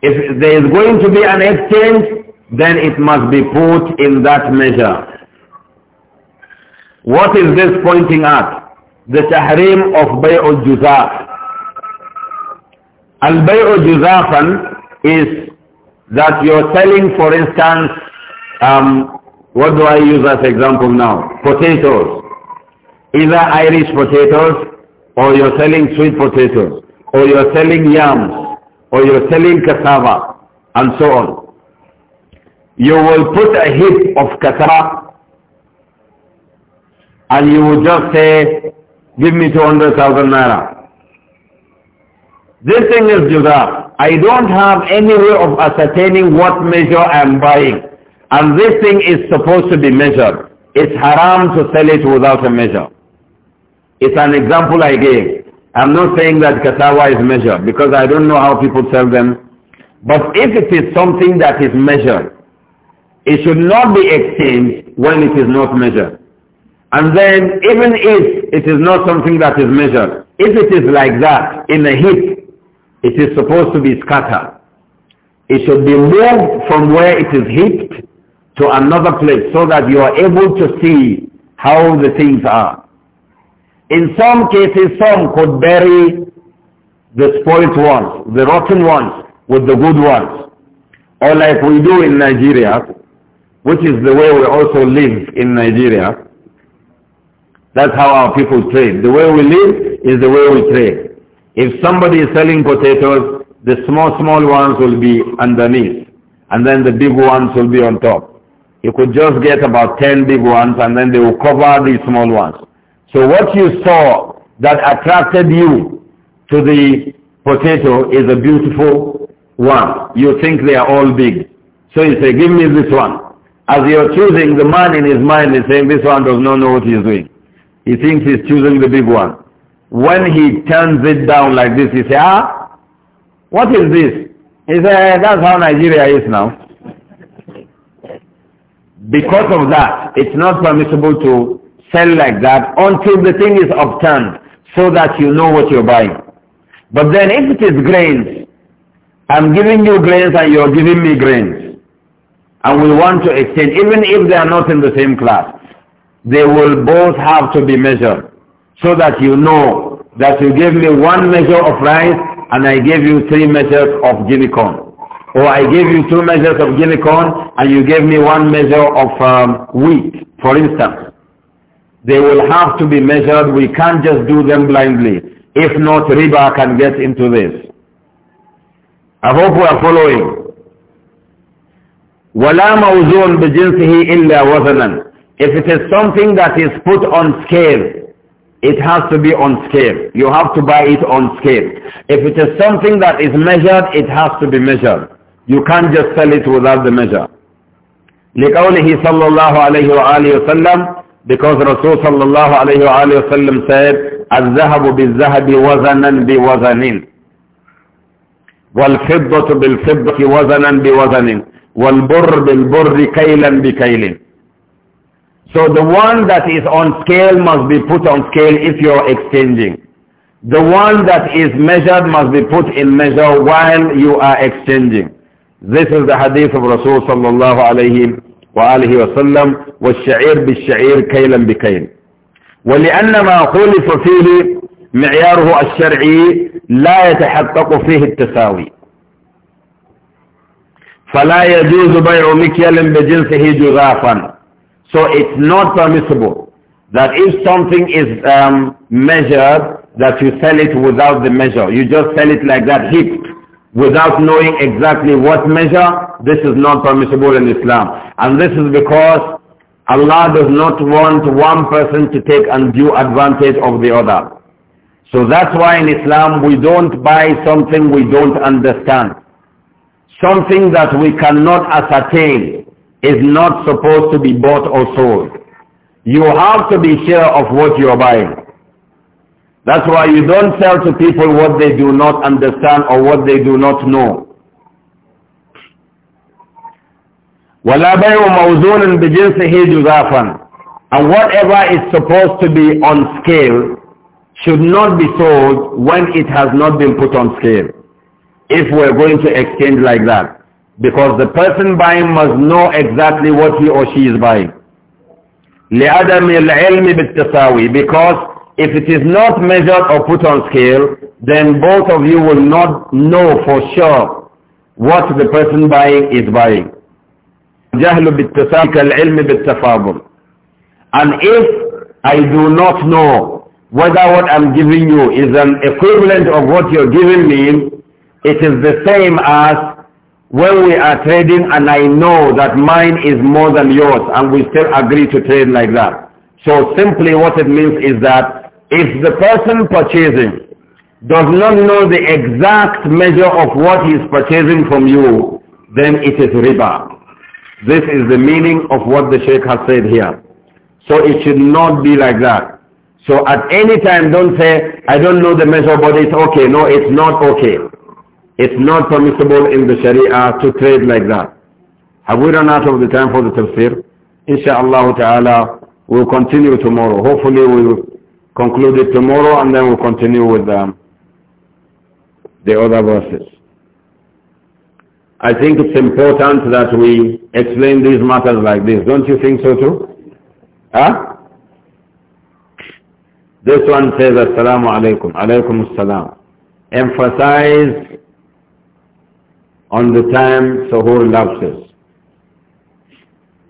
if there is going to be an exchange then it must be put in that measure what is this pointing at the tahrim of bay'ul juzaf. Al-bay'u juzafan is that you're selling, for instance, um, what do I use as example now? Potatoes. Either Irish potatoes, or you're selling sweet potatoes, or you're selling yams, or you're selling cassava, and so on. You will put a heap of cassava, and you will just say, give me 200,000 naira. This thing is juda. I don't have any way of ascertaining what measure I am buying. And this thing is supposed to be measured. It's haram to sell it without a measure. It's an example I gave. I'm not saying that cassava is measured because I don't know how people sell them. But if it is something that is measured, it should not be exchanged when it is not measured. And then even if it is not something that is measured, if it is like that in a heap, it is supposed to be scattered. It should be moved from where it is heaped to another place so that you are able to see how the things are. In some cases, some could bury the spoilt ones, the rotten ones, with the good ones. Or like we do in Nigeria, which is the way we also live in Nigeria, that's how our people trade. The way we live is the way we trade. If somebody is selling potatoes, the small, small ones will be underneath. And then the big ones will be on top. You could just get about 10 big ones and then they will cover the small ones. So what you saw that attracted you to the potato is a beautiful one. You think they are all big. So you say, give me this one. As you're choosing, the man in his mind is saying, this one does not know what he is doing. He thinks he's choosing the big one. When he turns it down like this, he says, ah, what is this? He says, that's how Nigeria is now. Because of that, it's not permissible to sell like that until the thing is upturned so that you know what you're buying. But then if it is grains, I'm giving you grains and you're giving me grains. And we want to exchange, even if they are not in the same class they will both have to be measured so that you know that you gave me one measure of rice and I gave you three measures of guinea corn. Or I gave you two measures of guinea corn and you gave me one measure of um, wheat, for instance. They will have to be measured. We can't just do them blindly. If not, riba can get into this. I hope we are following. ولا موزون بجنسه إلا وزنا if it is something that is put on scale, it has to be on scale. You have to buy it on scale. If it is something that is measured, it has to be measured. You can't just sell it without the measure. لقوله صلى الله عليه وآله وسلم because Rasul صلى الله عليه وآله وسلم said الذهب بالذهب وزنا بوزن والفضة بالفضة وزنا بوزن والبر بالبر كيلا بكيل So the one that is on scale must be put on scale if you are exchanging. The one that is measured must be put in measure while you are exchanging. This is the hadith of Rasul sallallahu alayhi wa alihi wa sallam وَالشَّعِيرُ بِالشَّعِيرُ كَيْلًا بِكَيْلٍ وَلِأَنَّ مَا خُلِفَ فِيهِ معياره الشرعي لا يتحقق فيه التساوي فلا يجوز بيع مكيال بجنسه جغافا So it's not permissible that if something is um, measured, that you sell it without the measure. You just sell it like that, heaped, without knowing exactly what measure. This is not permissible in Islam. And this is because Allah does not want one person to take undue advantage of the other. So that's why in Islam we don't buy something we don't understand. Something that we cannot ascertain is not supposed to be bought or sold. You have to be sure of what you are buying. That's why you don't sell to people what they do not understand or what they do not know. وَلَا بَيْعُ مَوْزُونٍ بِجِنْسِهِ جُزَافًا And whatever is supposed to be on scale should not be sold when it has not been put on scale, if we're going to exchange like that. Because the person buying must know exactly what he or she is buying. لعدم العلم بالتساوي because if it is not measured or put on scale then both of you will not know for sure what the person buying is buying جهل بالتساوي كالعلم بالتفاضل and if I do not know whether what I'm giving you is an equivalent of what you're giving me it is the same as when we are trading and I know that mine is more than yours and we still agree to trade like that. So simply what it means is that if the person purchasing does not know the exact measure of what he is purchasing from you, then it is riba. This is the meaning of what the Sheikh has said here. So it should not be like that. So at any time don't say, I don't know the measure but it's okay. No, it's not okay. It's not permissible in the Sharia to trade like that. Have we run out of the time for the tafsir? Insha'Allah ta'ala, we'll continue tomorrow. Hopefully we'll conclude it tomorrow and then we'll continue with um, the other verses. I think it's important that we explain these matters like this. Don't you think so too? Huh? This one says, Assalamu alaikum, alaikum assalam. Emphasize on the time Sahur lapses.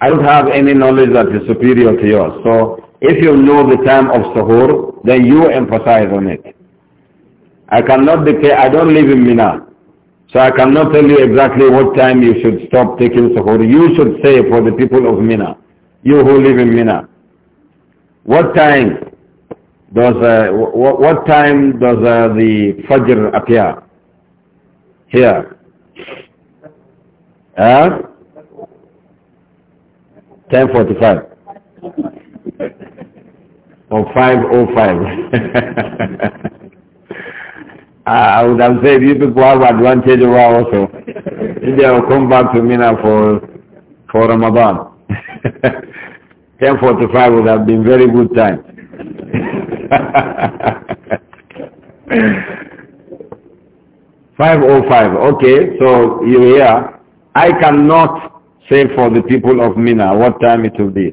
I don't have any knowledge that is superior to yours. So if you know the time of Sahur, then you emphasize on it. I cannot declare, I don't live in Mina. So I cannot tell you exactly what time you should stop taking Sahur. You should say for the people of Mina, you who live in Mina. What time does, uh, what, what time does uh, the Fajr appear? Here. Huh? 1045. Or 505. Ah, I would have said you people have advantage over also. they will come back to Mina for for Ramadan. 1045 would have been very good time. 505. Okay, so you hear, I cannot say for the people of Mina what time it will be.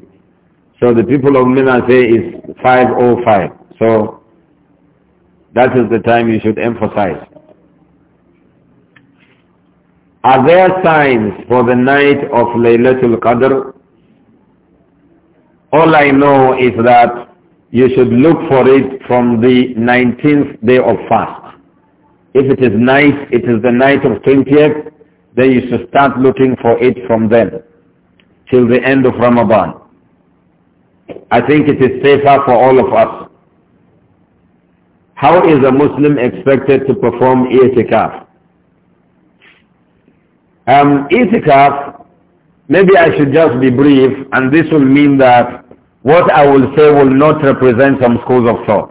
So the people of Mina say it's 505. So that is the time you should emphasize. Are there signs for the night of Laylatul Qadr? All I know is that you should look for it from the 19th day of fast. If it is night, it is the night of 20th, then you should start looking for it from then till the end of Ramadan. I think it is safer for all of us. How is a Muslim expected to perform itikaf? Um, itikaf, maybe I should just be brief and this will mean that what I will say will not represent some schools of thought.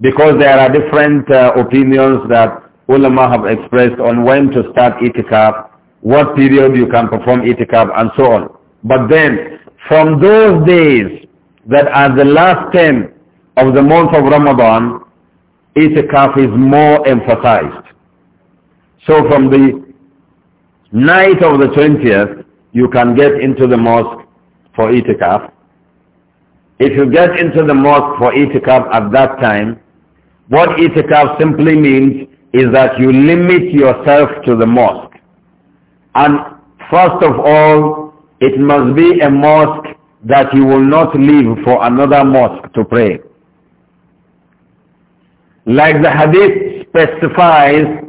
Because there are different uh, opinions that ulama have expressed on when to start itikaf, what period you can perform itikaf, and so on. But then, from those days that are the last 10 of the month of Ramadan, itikaf is more emphasized. So from the night of the 20th, you can get into the mosque for itikaf. If you get into the mosque for itikaf at that time, what itikaf simply means is that you limit yourself to the mosque. And first of all, it must be a mosque that you will not leave for another mosque to pray. Like the hadith specifies,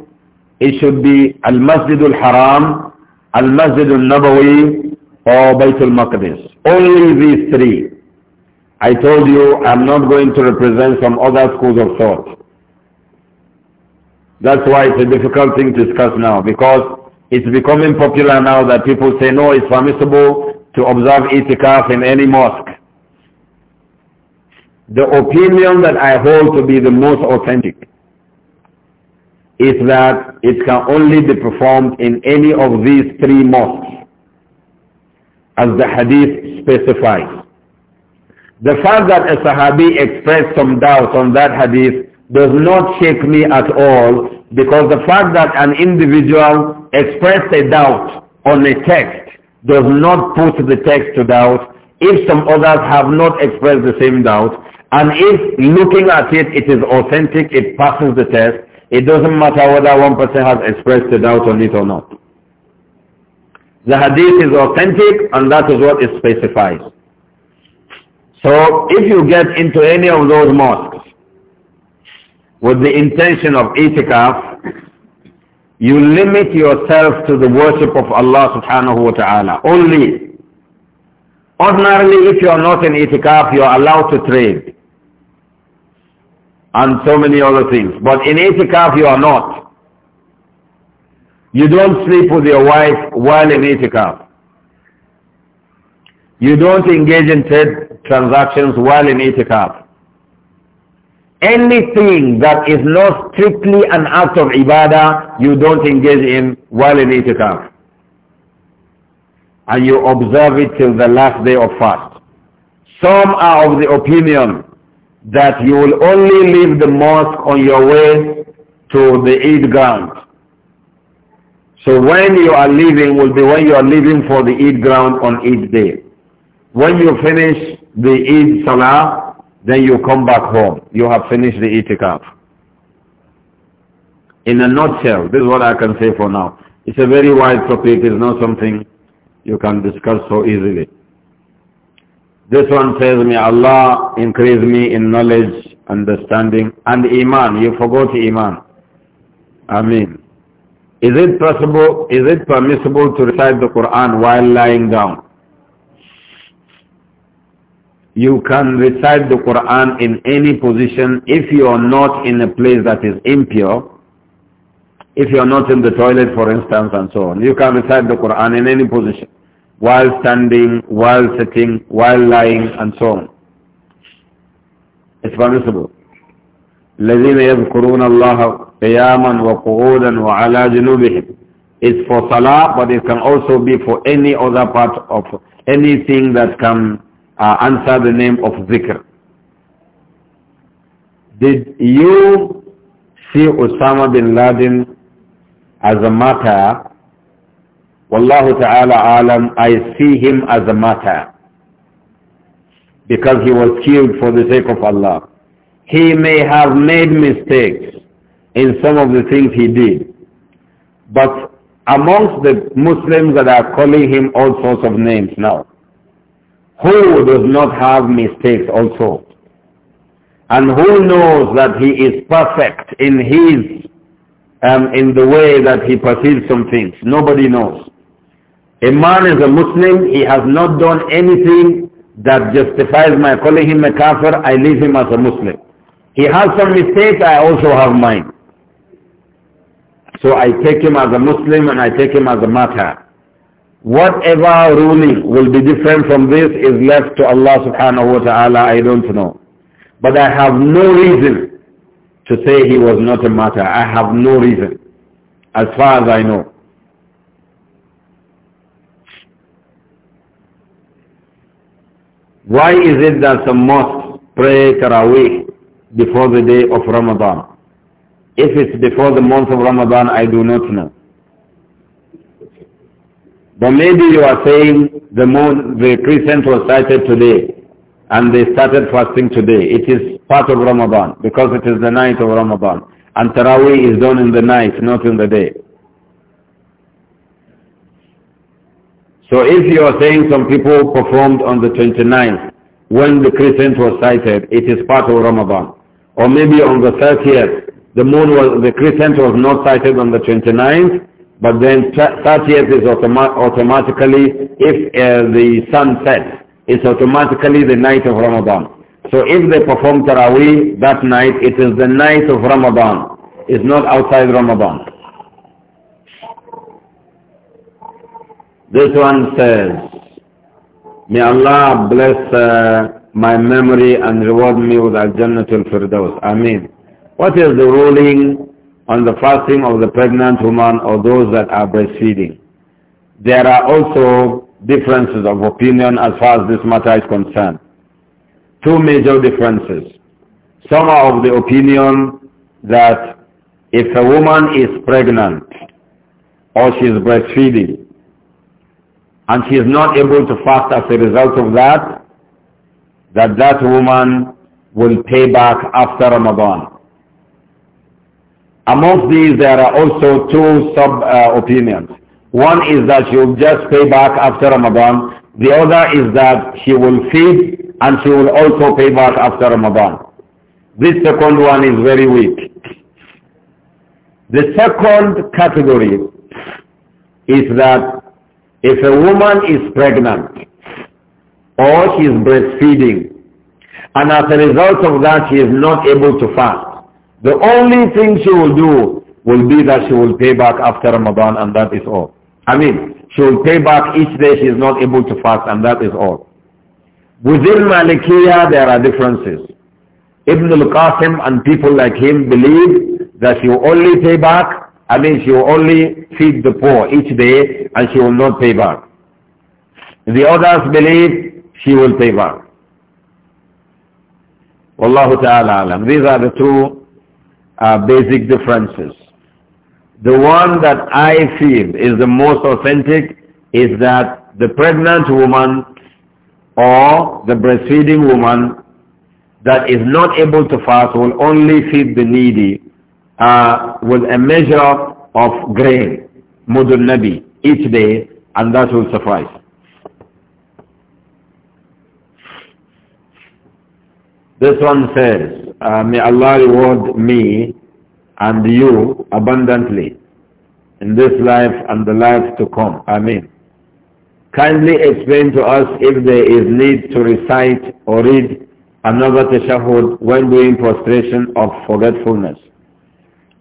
it should be Al-Masjid al-Haram, Al-Masjid al-Nabawi, or Bayt al-Maqdis. Only these three. I told you I'm not going to represent some other schools of thought. That's why it's a difficult thing to discuss now because it's becoming popular now that people say no, it's permissible to observe itikaf in any mosque. The opinion that I hold to be the most authentic is that it can only be performed in any of these three mosques as the hadith specifies. The fact that a Sahabi expressed some doubt on that hadith does not shake me at all because the fact that an individual expressed a doubt on a text does not put the text to doubt if some others have not expressed the same doubt and if looking at it it is authentic it passes the test it doesn't matter whether one person has expressed a doubt on it or not the hadith is authentic and that is what it specifies so if you get into any of those mosques with the intention of itikaf, you limit yourself to the worship of Allah subhanahu wa ta'ala only. Ordinarily, if you are not in itikaf, you are allowed to trade and so many other things. But in itikaf, you are not. You don't sleep with your wife while in itikaf. You don't engage in trade transactions while in itikaf. Anything that is not strictly an act of ibadah, you don't engage in while in itikaf. And you observe it till the last day of fast. Some are of the opinion that you will only leave the mosque on your way to the Eid ground. So when you are leaving will be when you are leaving for the Eid ground on Eid day. When you finish the Eid Salah, then you come back home. You have finished the itikaf. In a nutshell, this is what I can say for now. It's a very wide topic. It's not something you can discuss so easily. This one says, May Allah increase me in knowledge, understanding, and Iman. You forgot Iman. Ameen. Is it possible, is it permissible to recite the Quran while lying down? You can recite the Quran in any position if you are not in a place that is impure. If you are not in the toilet, for instance, and so on. You can recite the Quran in any position. While standing, while sitting, while lying, and so on. It's permissible. الذين يذكرون الله قياما وقعودا وعلى جنوبهم It's for salah, but it can also be for any other part of anything that can uh, answer the name of zikr. Did you see Osama bin Laden as a martyr? Wallahu ta'ala alam, I see him as a martyr. Because he was killed for the sake of Allah. He may have made mistakes in some of the things he did. But amongst the Muslims that are calling him all sorts of names now, who does not have mistakes also? And who knows that he is perfect in his, um, in the way that he perceives some things? Nobody knows. A man is a Muslim, he has not done anything that justifies my calling him a kafir, I leave him as a Muslim. He has some mistakes, I also have mine. So I take him as a Muslim and I take him as a martyr. Whatever ruling will be different from this is left to Allah subhanahu wa ta'ala, I don't know. But I have no reason to say he was not a martyr. I have no reason, as far as I know. Why is it that some mosques pray Taraweeh before the day of Ramadan? If it's before the month of Ramadan, I do not know. But maybe you are saying the moon, the crescent was sighted today and they started fasting today. It is part of Ramadan because it is the night of Ramadan. And Taraweeh is done in the night, not in the day. So if you are saying some people performed on the 29th when the crescent was sighted, it is part of Ramadan. Or maybe on the 30th, the moon was, the crescent was not sighted on the 29th, but then 30th is automa automatically, if uh, the sun sets, it's automatically the night of Ramadan. So if they perform Taraweeh that night, it is the night of Ramadan. It's not outside Ramadan. This one says, May Allah bless uh, my memory and reward me with Al-Jannatul Firdaus. Ameen. What is the ruling on the fasting of the pregnant woman or those that are breastfeeding. There are also differences of opinion as far as this matter is concerned. Two major differences. Some are of the opinion that if a woman is pregnant or she is breastfeeding and she is not able to fast as a result of that, that that woman will pay back after Ramadan. Amongst these, there are also two sub-opinions. Uh, One is that she will just pay back after Ramadan. The other is that she will feed and she will also pay back after Ramadan. This second one is very weak. The second category is that if a woman is pregnant or she is breastfeeding and as a result of that she is not able to fast, the only thing she will do will be that she will pay back after Ramadan and that is all. I mean, she will pay back each day she is not able to fast and that is all. Within Malikiya there are differences. Ibn al-Qasim and people like him believe that she will only pay back, I mean she will only feed the poor each day and she will not pay back. The others believe she will pay back. Wallahu ta'ala alam. These are the two uh, basic differences. The one that I feel is the most authentic is that the pregnant woman or the breastfeeding woman that is not able to fast will only feed the needy uh, with a measure of grain, mudun nabi, each day, and that will suffice. This one says, uh, may Allah reward me and you abundantly in this life and the life to come. Amen. Kindly explain to us if there is need to recite or read another tashahhud when doing prostration of forgetfulness.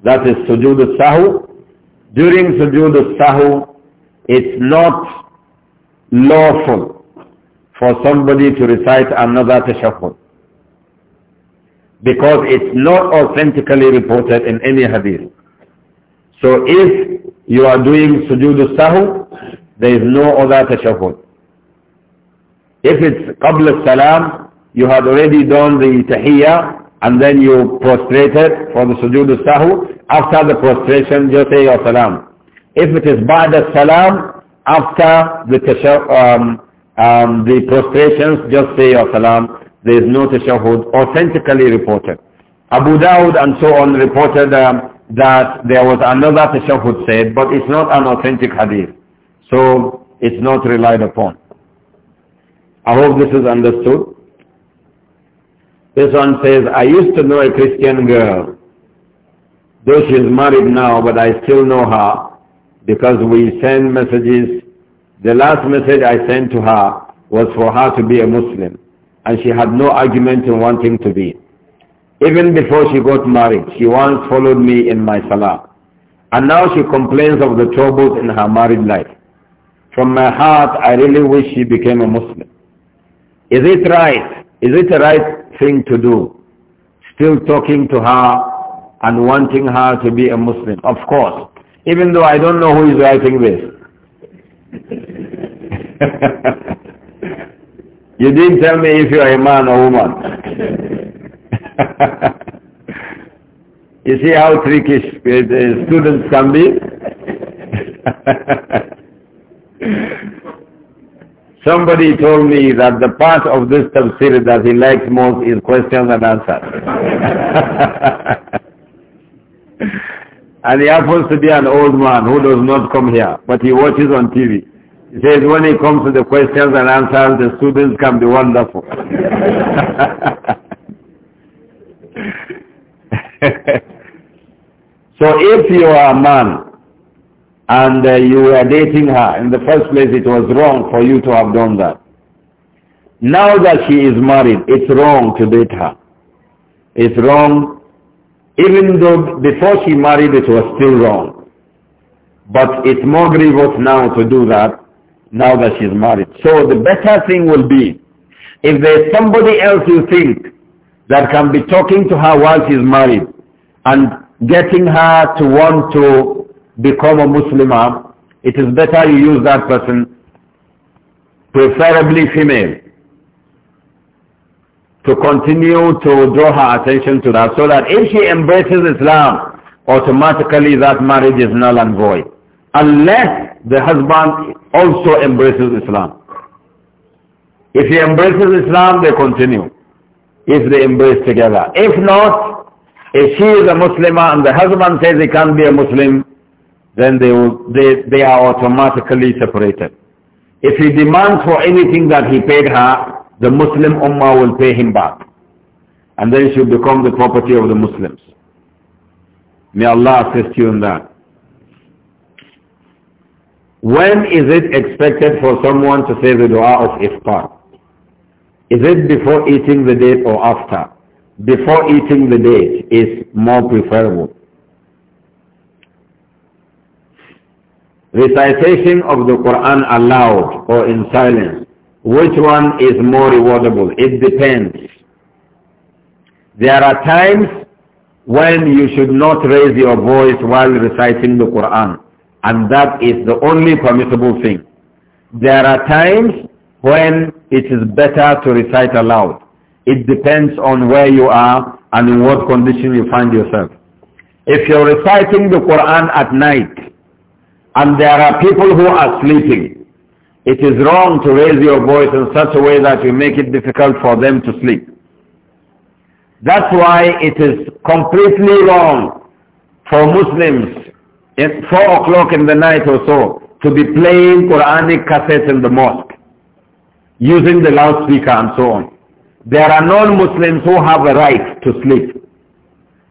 That is sujood al-sahu. During sujood al-sahu, it's not lawful for somebody to recite another tashahhud because it's not authentically reported in any hadith. So if you are doing sujood sahu, there is no other tashahhud. If it's qabla salam, you had already done the tahiyyah and then you prostrated for the sujood sahu. After the prostration, just say your oh, salam. If it is ba'da salam, after the, um, um, the prostrations, just say your oh, salam there is no tashahud, authentically reported. Abu Dawud and so on reported um, that there was another tashahud said, but it's not an authentic hadith. So it's not relied upon. I hope this is understood. This one says, I used to know a Christian girl, though she's married now, but I still know her because we send messages. The last message I sent to her was for her to be a Muslim and she had no argument in wanting to be. Even before she got married, she once followed me in my salah. And now she complains of the troubles in her married life. From my heart, I really wish she became a Muslim. Is it right? Is it the right thing to do? Still talking to her and wanting her to be a Muslim. Of course. Even though I don't know who is writing this. You didn't tell me if you're a man or woman. you see how tricky uh, students can be? Somebody told me that the part of this tafsir that he likes most is questions and answers. and he happens to be an old man who does not come here, but he watches on TV. He says when it comes to the questions and answers, the students can be wonderful. so if you are a man and uh, you were dating her, in the first place it was wrong for you to have done that. Now that she is married, it's wrong to date her. It's wrong, even though before she married it was still wrong. But it's more grievous now to do that now that she's married. So the better thing will be, if there's somebody else you think that can be talking to her while she's married and getting her to want to become a Muslimah, it is better you use that person, preferably female, to continue to draw her attention to that so that if she embraces Islam, automatically that marriage is null and void unless the husband also embraces Islam. If he embraces Islam, they continue. If they embrace together. If not, if she is a Muslim and the husband says he can't be a Muslim, then they, will, they, they are automatically separated. If he demands for anything that he paid her, the Muslim Ummah will pay him back. And then she will become the property of the Muslims. May Allah assist you in that. When is it expected for someone to say the dua of iftar? Is it before eating the date or after? Before eating the date is more preferable. Recitation of the Quran aloud or in silence, which one is more rewardable? It depends. There are times when you should not raise your voice while reciting the Quran. And that is the only permissible thing. There are times when it is better to recite aloud. It depends on where you are and in what condition you find yourself. If you're reciting the Quran at night and there are people who are sleeping, it is wrong to raise your voice in such a way that you make it difficult for them to sleep. That's why it is completely wrong for Muslims it's 4 o'clock in the night or so to be playing Quranic cassettes in the mosque using the loudspeaker and so on. There are non-Muslims who have a right to sleep.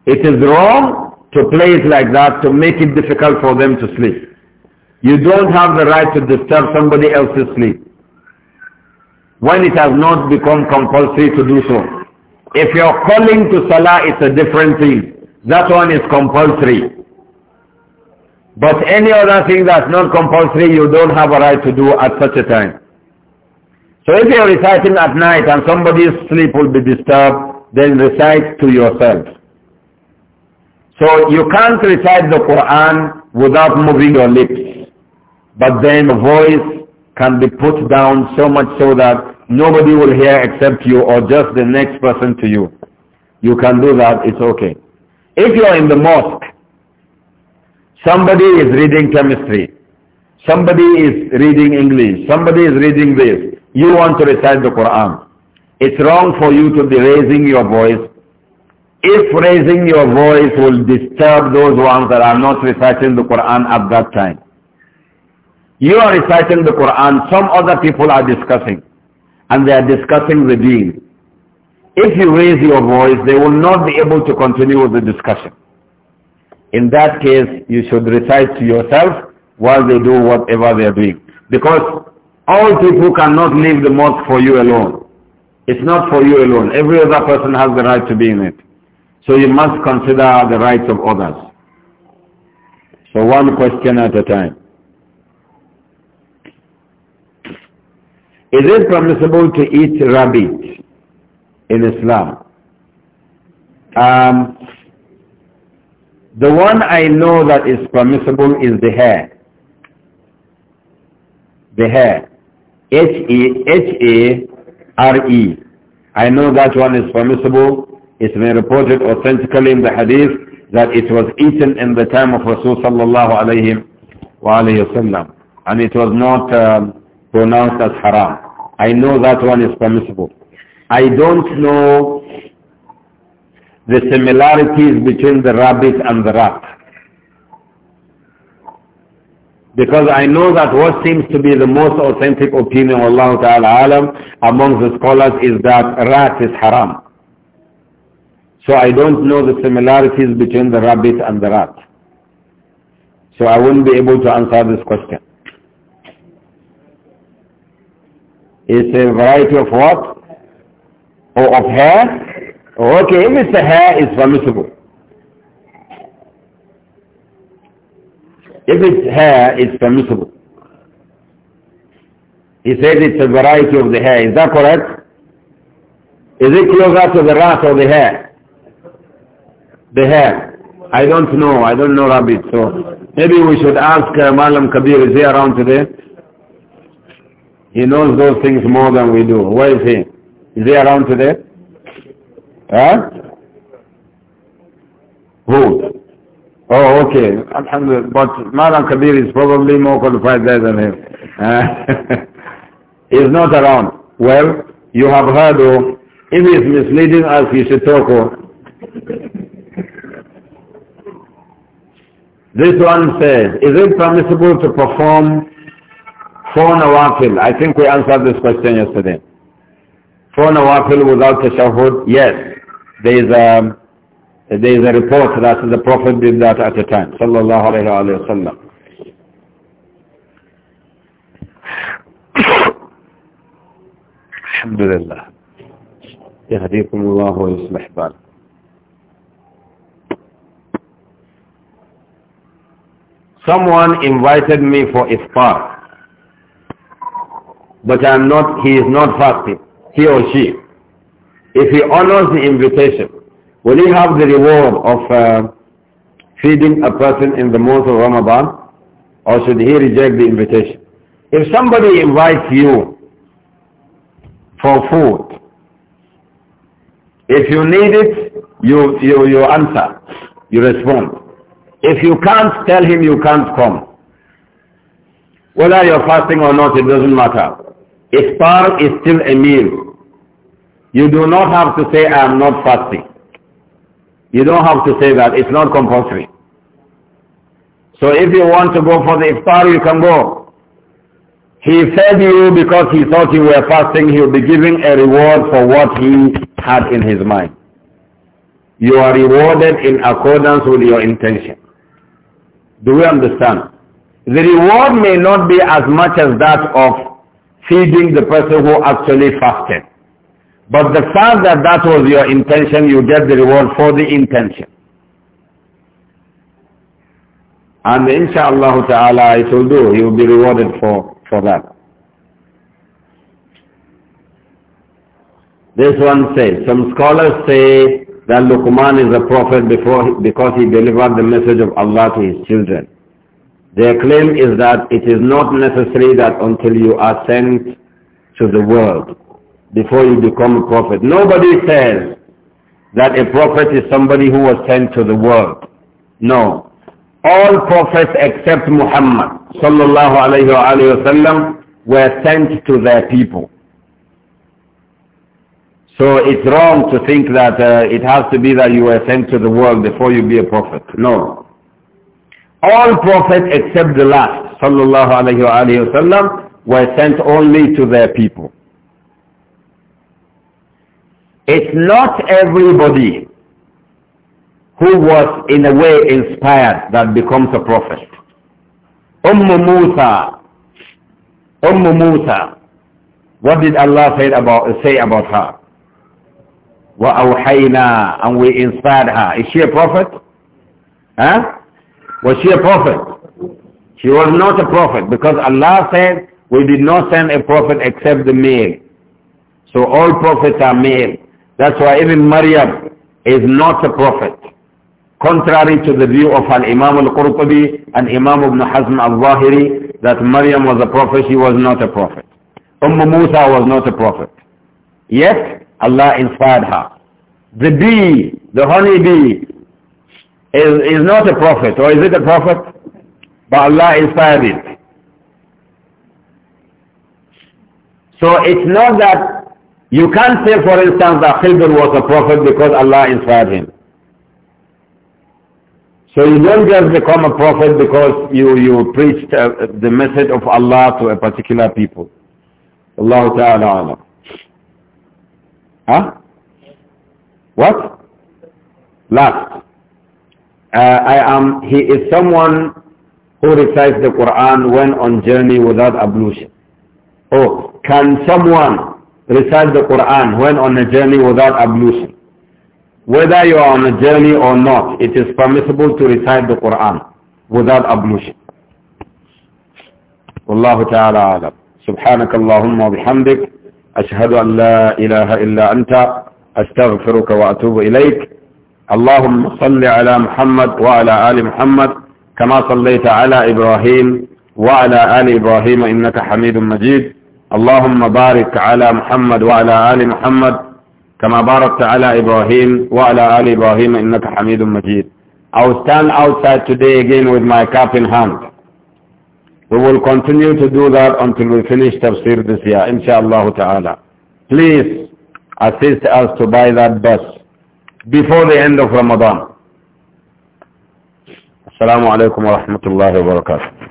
It is wrong to play it like that to make it difficult for them to sleep. You don't have the right to disturb somebody else's sleep when it has not become compulsory to do so. If you're calling to Salah, it's a different thing. That one is compulsory. But any other thing that's not compulsory, you don't have a right to do at such a time. So if you're reciting at night and somebody's sleep will be disturbed, then recite to yourself. So you can't recite the Quran without moving your lips. But then voice can be put down so much so that nobody will hear except you or just the next person to you. You can do that, it's okay. If you're in the mosque Somebody is reading chemistry. Somebody is reading English. Somebody is reading this. You want to recite the Quran. It's wrong for you to be raising your voice. If raising your voice will disturb those ones that are not reciting the Quran at that time. You are reciting the Quran, some other people are discussing. And they are discussing the deen. If you raise your voice, they will not be able to continue with the discussion. In that case, you should recite to yourself while they do whatever they are doing. Because all people cannot leave the mosque for you alone. It's not for you alone. Every other person has the right to be in it. So you must consider the rights of others. So one question at a time. Is it permissible to eat rabbit in Islam? Um, the one I know that is permissible is the hair. The hair. H E H A R E. I know that one is permissible. It's been reported authentically in the hadith that it was eaten in the time of Rasulullah sallallahu alayhi wa sallam. And it was not um, pronounced as haram. I know that one is permissible. I don't know the similarities between the rabbit and the rat. Because I know that what seems to be the most authentic opinion of Allah Ta'ala alam, among the scholars is that rat is haram. So I don't know the similarities between the rabbit and the rat. So I wouldn't be able to answer this question. It's a variety of what? Or oh, of hair? Okay, if it's hair, it's permissible. If it's hair, it's permissible. He said it's a variety of the hair. Is that correct? Is it closer to the rat or the hair? The hair. I don't know. I don't know rabbit. So maybe we should ask uh, Malam Kabir. Is he around today? He knows those things more than we do. Where is he? Is he around today? Huh? Who? Oh, okay. Alhamdulillah. But Madam Kabir is probably more qualified there than him. Uh, he's not around. Well, you have heard of, oh, if he's misleading us, he should talk Oh. This one says, is it permissible to perform four nawafil? I think we answered this question yesterday. Four nawafil without tashahhud? Yes. There is a, um, there is a report that the Prophet did that at the time, sallallahu alayhi wa sallam. الحمد لله يهديكم الله ويصلح بالكم Someone invited me for iftar, but I'm not, he is not fasting, he or she if he honors the invitation, will he have the reward of uh, feeding a person in the month of Ramadan? Or should he reject the invitation? If somebody invites you for food, if you need it, you, you, you answer, you respond. If you can't, tell him you can't come. Whether you're fasting or not, it doesn't matter. Iftar is still a meal. You do not have to say, I am not fasting. You don't have to say that. It's not compulsory. So if you want to go for the iftar, you can go. He fed you because he thought you were fasting. He'll be giving a reward for what he had in his mind. You are rewarded in accordance with your intention. Do we understand? The reward may not be as much as that of feeding the person who actually fasted. But the fact that that was your intention, you get the reward for the intention. And inshallah ta'ala it will do. He will be rewarded for, for that. This one says, some scholars say that Luqman is a prophet before, because he delivered the message of Allah to his children. Their claim is that it is not necessary that until you are sent to the world before you become a prophet. Nobody says that a prophet is somebody who was sent to the world. No. All prophets except Muhammad sallallahu alayhi wa sallam were sent to their people. So it's wrong to think that uh, it has to be that you were sent to the world before you be a prophet. No. All prophets except the last sallallahu alayhi wa sallam were sent only to their people. It's not everybody who was in a way inspired that becomes a prophet. Umm Musa, Umm Musa, what did Allah say about, say about her? وَأَوْحَيْنَا And we inspired her. Is she a prophet? Huh? Was she a prophet? She was not a prophet because Allah said, we did not send a prophet except the male. So all prophets are male. That's why even Maryam is not a prophet. Contrary to the view of Al-Imam Al-Qurtubi and Imam Ibn Hazm Al-Zahiri that Maryam was a prophet, she was not a prophet. Umm Musa was not a prophet. Yet Allah inspired her. The bee, the honey bee, is, is not a prophet. Or is it a prophet? But Allah inspired it. So it's not that you can't say, for instance, that Khidr was a prophet because Allah inspired him. So you don't just become a prophet because you, you preached uh, the message of Allah to a particular people. Allah Ta'ala Allah. Huh? What? Last. Uh, I am, he is someone who recites the Quran when on journey without ablution. Oh, can someone recite the Quran when on a journey without ablution. Whether you are on a journey or not, it is permissible to recite the Quran without ablution. والله تعالى أعلم سبحانك اللهم وبحمدك أشهد أن لا إله إلا أنت أستغفرك وأتوب إليك اللهم صل على محمد وعلى آل محمد كما صليت على إبراهيم وعلى آل إبراهيم إنك حميد مجيد اللهم بارك على محمد وعلى آل محمد كما باركت على إبراهيم وعلى آل إبراهيم إنك حميد مجيد I will stand outside today again with my cup in hand. We will continue to do that until we finish tafsir this year, inshallah ta'ala. Please assist us to buy that bus before the end of Ramadan. Assalamu alaikum wa rahmatullahi wa barakatuh.